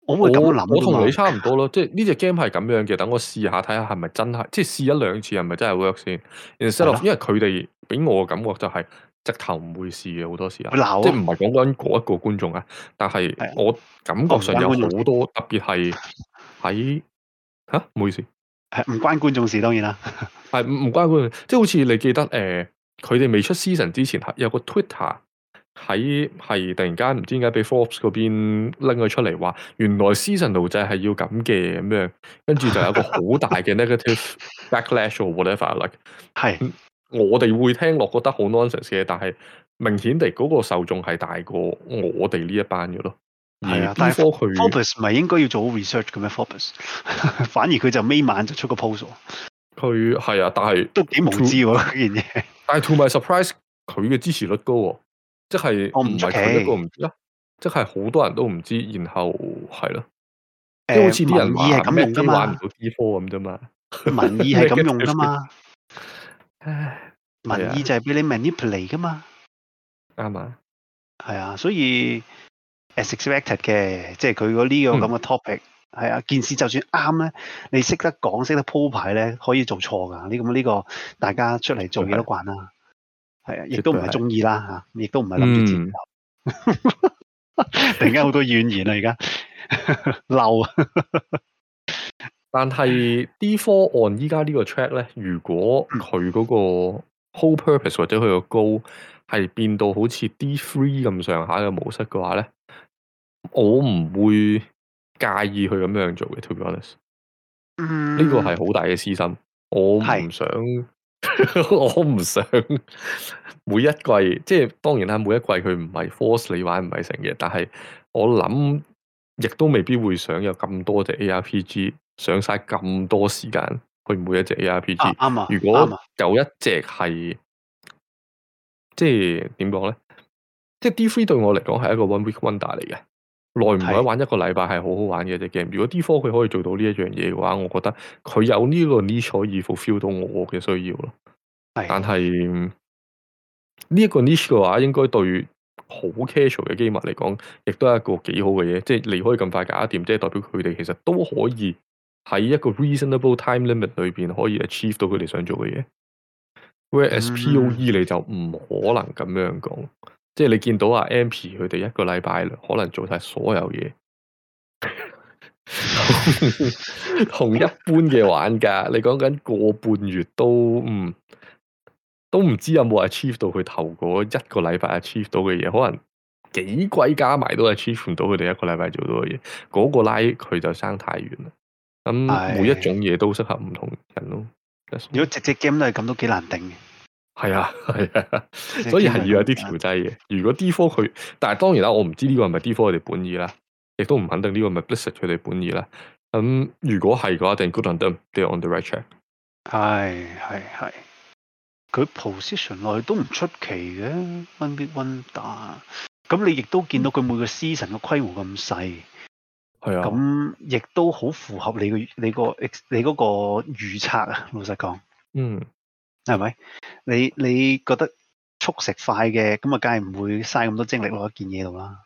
我會咁諗。我同你差唔多咯、 這個，即係呢隻 game 係咁樣嘅。等我試下睇下係咪真係，即係試一兩次係咪真係 work 先。Instead，因為佢哋俾我嘅感覺就係、是、直頭唔會試嘅好多時啊。即係唔係講緊嗰一個觀眾啊？但係我感覺上有好多特別係喺吓唔好意思。唔關觀眾事，當然啦。係唔唔關觀眾，即係好似你記得誒，佢哋未出 season 之前，有個 Twitter 喺係突然間唔知點解俾 Forbes 嗰邊拎佢出嚟，話原來就是要這樣的 seasonal 係要咁嘅咁樣，跟住就有個好大嘅 negative backlash or whatever like 係。我哋會聽落覺得好 nonsense 嘅，但係明顯地嗰個受眾係大過我哋呢一班嘅咯。係啊, 啊，但係 focus 唔係應該要做好 research 嘅咩？focus 反而佢就尾晚就出個 proposal。佢係啊，但係都幾無知喎呢件嘢。To, 但係 to my surprise，佢 嘅支持率高，即係我唔係佢一個唔知啦、哦，即係好多人都唔知，然後係咯。誒、啊，好似啲人、呃、民意係咁用噶嘛，玩唔到支科咁啫嘛。民 意係咁用噶嘛。唉，民意就係俾你 manipulate 噶嘛，啱嘛？係啊，所以。As expected 嘅，即係佢嗰呢個咁嘅 topic，係、嗯、啊，件事就算啱咧，你識得講識得鋪排咧，可以做錯噶。呢咁呢個、這個、大家出嚟做嘢都慣啦，係啊，亦都唔係中意啦嚇，亦都唔係諗住自由。啊嗯、 突然間好多怨言啊，而家嬲。但係 D four on 依家呢個 track 咧，如果佢嗰個 whole purpose 或者佢個 goal 係變到好似 D three 咁上下嘅模式嘅話咧。我唔會介意佢咁樣做嘅，to be honest。呢、嗯呢個係好大嘅私心。我唔想， 我唔想每一季，即係當然啦，每一季佢唔係 force 你玩唔係成嘅。但係我諗亦都未必會想有咁多隻 A R P G，想嘥咁多時間去每一隻 A R P G。啱啊！如果有一隻係、啊啊啊，即係點講咧？即係 D three 對我嚟講係一個 one week wonder 嚟嘅。耐唔耐玩一個禮拜係好好玩嘅隻 game。如果 D4 佢可以做到呢一樣嘢嘅話，我覺得佢有呢個 niche 可以 fulfill 到我嘅需要咯。但係呢一個 niche 嘅話，應該對好 casual 嘅機密嚟講，亦都係一個幾好嘅嘢。即係你可以咁快搞掂，即係代表佢哋其實都可以喺一個 reasonable time limit 裏邊可以 achieve 到佢哋想做嘅嘢。Whereas POE 你就唔可能咁樣講。嗯嗯即係你見到阿 Ami 佢哋一個禮拜可能做晒所有嘢， 同一般嘅玩家， 你講緊個半月都唔、嗯、都唔知有冇 Achieve 到佢頭嗰一個禮拜 Achieve 到嘅嘢，可能幾季加埋都 Achieve 唔到佢哋一個禮拜做到嘅嘢。嗰、嗰個拉佢就生太遠啦。咁每一種嘢都適合唔同人咯。Right. 如果隻隻 game 都係咁，都幾難頂嘅。係啊，係啊，所以係要有啲調劑嘅。如果 D4 佢，但係當然啦，我唔知呢個係咪 D4 佢哋本意啦，亦都唔肯定呢個咪 Blizzard 佢哋本意啦。咁、嗯、如果係嘅話，定 good on them，they on the right track。係係係，佢 position 來都唔出奇嘅，one hit wonder。咁你亦都見到佢每個 season 嘅規模咁細，係啊。咁亦都好符合你個你個你個預測啊。老實講，嗯。係咪？你你覺得速食快嘅咁啊，梗係唔會嘥咁多精力落一件嘢度啦。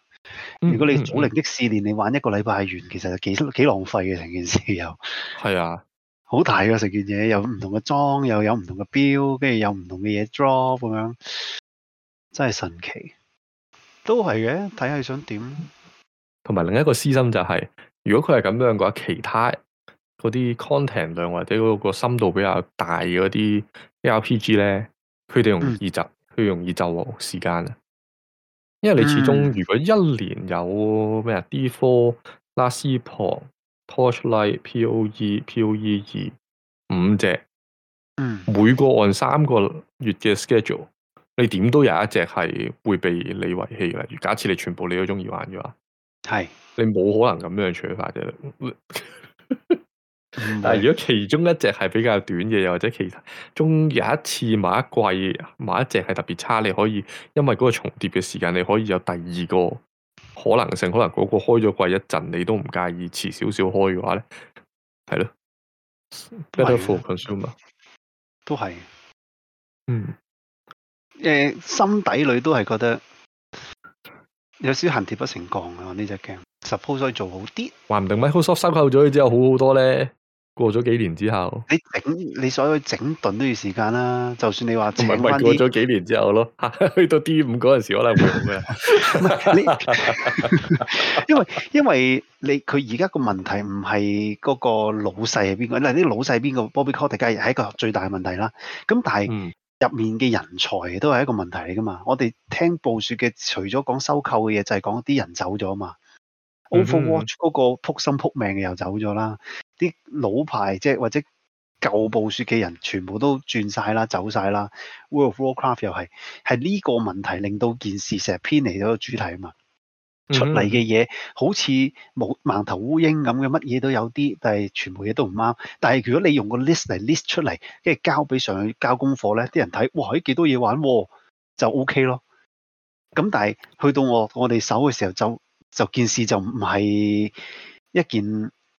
如果你早零的試練，你玩一個禮拜完，其實幾幾浪費嘅，成件事又。係啊，好大嘅成件嘢，有唔同嘅裝，又有唔同嘅標，跟住有唔同嘅嘢 drop 咁樣，真係神奇。都係嘅，睇下你想點。同埋另一個私心就係、是，如果佢係咁樣嘅話，其他。嗰啲 content 量或者嗰個深度比較大嗰啲 ARPG 咧，佢哋容易集，佢容易就、嗯、容易就時間啊。因為你始終如果一年有咩啊、嗯、D4、Last Epoch、Torchlight、POE、POE 2、五隻，嗯，每個按三個月嘅 schedule，你點都有一隻係會被你遺棄嘅。假設你全部你都中意玩嘅話，係你冇可能咁樣取決嘅。 但係如果其中一隻係比較短嘅，又或者其中有一次買一季買一隻係特別差，你可以因為嗰個重疊嘅時間，你可以有第二個可能性，可能嗰個開咗季一陣，你都唔介意遲少少開嘅話咧，係咯，better for consumer 都係，嗯，誒、uh, 心底裏都係覺得有少恨鐵不成鋼啊！呢隻鏡，suppose 可以做好啲，話唔、嗯、定 Microsoft 收購咗佢之後好好多咧。過咗幾年之後，你整你所有整頓都要時間啦、啊。就算你話唔係唔係過咗幾年之後咯，去到 D 五嗰陣時可能會咁嘅。因為因為你佢而家個問題唔係嗰個老細係邊個，嗱 啲老細邊個？Bobby Kotick 係一個最大嘅問題啦。咁但係入面嘅人才都係一個問題嚟噶嘛。嗯、我哋聽暴說嘅，除咗講收購嘅嘢，就係講啲人走咗嘛。嗯、Overwatch 嗰個撲心撲命嘅又走咗啦。啲老牌即係或者舊暴雪嘅人，全部都轉晒啦，走晒啦。World of Warcraft 又係係呢個問題，令到件事成日偏離咗個主題啊嘛。出嚟嘅嘢好似冇盲頭烏蠅咁嘅，乜嘢都有啲，但係全部嘢都唔啱。但係如果你用個 list 嚟 list 出嚟，跟住交俾上去交功課咧，啲人睇哇，幾幾多嘢玩喎，就 OK 咯。咁但係去到我我哋手嘅時候，就就件事就唔係一件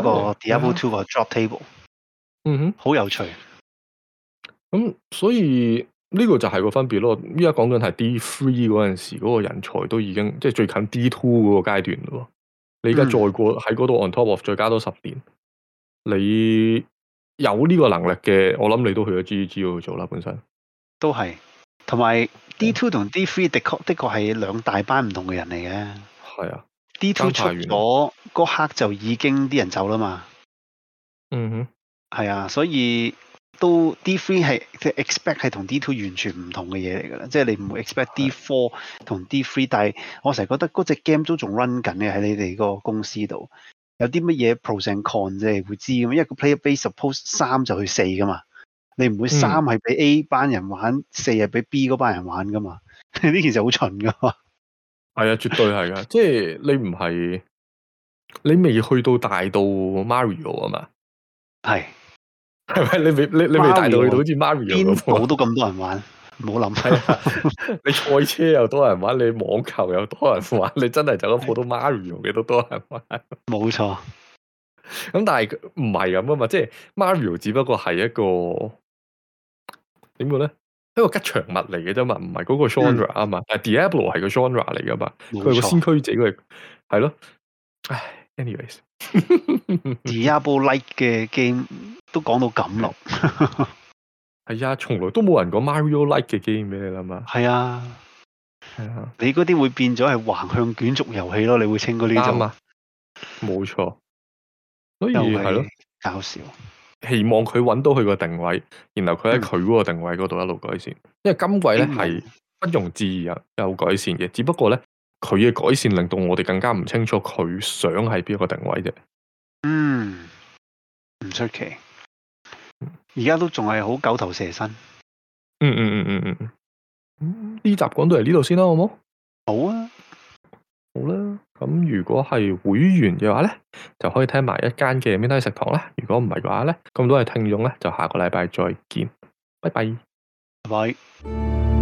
嗰、那個 Diablo Two 個 Drop Table，嗯哼，好有趣。咁、嗯、所以呢、呢個就係個分別咯。依家講緊係 D Three 嗰陣時候，嗰、嗰個人才都已經即係最近 D Two 嗰個階段咯。你而家再過喺嗰度 On Top Of 再加多十年，你有呢個能力嘅，我諗你都去咗 G G 度做啦。本身都係，同埋 D Two 同 D Three 的確的確係兩大班唔同嘅人嚟嘅。係啊。D2 出咗嗰刻就已經啲人走啦嘛，嗯哼，係啊，所以都 D3 係即係 expect 係同 D2 完全唔同嘅嘢嚟㗎啦，即係你唔會 expect D4 同 D3，但係我成日覺得嗰隻 game 都仲 run 緊嘅喺你哋個公司度，有啲乜嘢 pros and cons 即係，你會知咁，因為個 player base suppose 三就去四噶嘛，你唔會三係俾 A 班人玩，四係俾 B 嗰班人玩噶嘛，呢 件事好蠢㗎嘛。係啊，絕對係噶，即係你唔係你未去到大到 Mario 啊嘛，係係咪你未你你未大到去到好似 Mario 咁，邊部都咁多人玩？冇諗，係 啊，你賽車又多人玩，你網球又多人玩，你真係就咁好多 Mario 你都多人玩？冇錯，咁但係唔係咁啊嘛，即係 Mario 只不過係一個點講咧？一個吉祥物嚟嘅啫嘛，唔係嗰個 genre 啊嘛，但係 Diablo 係個 genre 嚟噶嘛，佢係個先驅者嚟，係咯。唉，anyways，Diablo like 嘅 game 都講到咁咯。係、 哎、啊，從來都冇人講 Mario like 嘅 game 俾你啦嘛。係啊，係啊，你嗰啲會變咗係橫向卷軸遊戲咯，你會清嗰啲嘛？冇錯、啊。沒錯，所以係咯。是搞笑。希望佢揾到佢個定位，然後佢喺佢嗰個定位嗰度一路改善。嗯、因為今季咧係不容置疑啊有改善嘅，只不過咧佢嘅改善令到我哋更加唔清楚佢想係邊一個定位啫。嗯，唔出奇。而家都仲係好狗頭蛇身。嗯嗯嗯嗯嗯嗯。呢、嗯嗯嗯、集講到嚟呢度先啦，好冇？好啊。好啦。咁如果係會員嘅話呢，就可以聽埋一間嘅 Midnight 食堂啦。如果唔係嘅話呢，咁多位聽眾呢，就下個禮拜再見，拜拜，拜拜。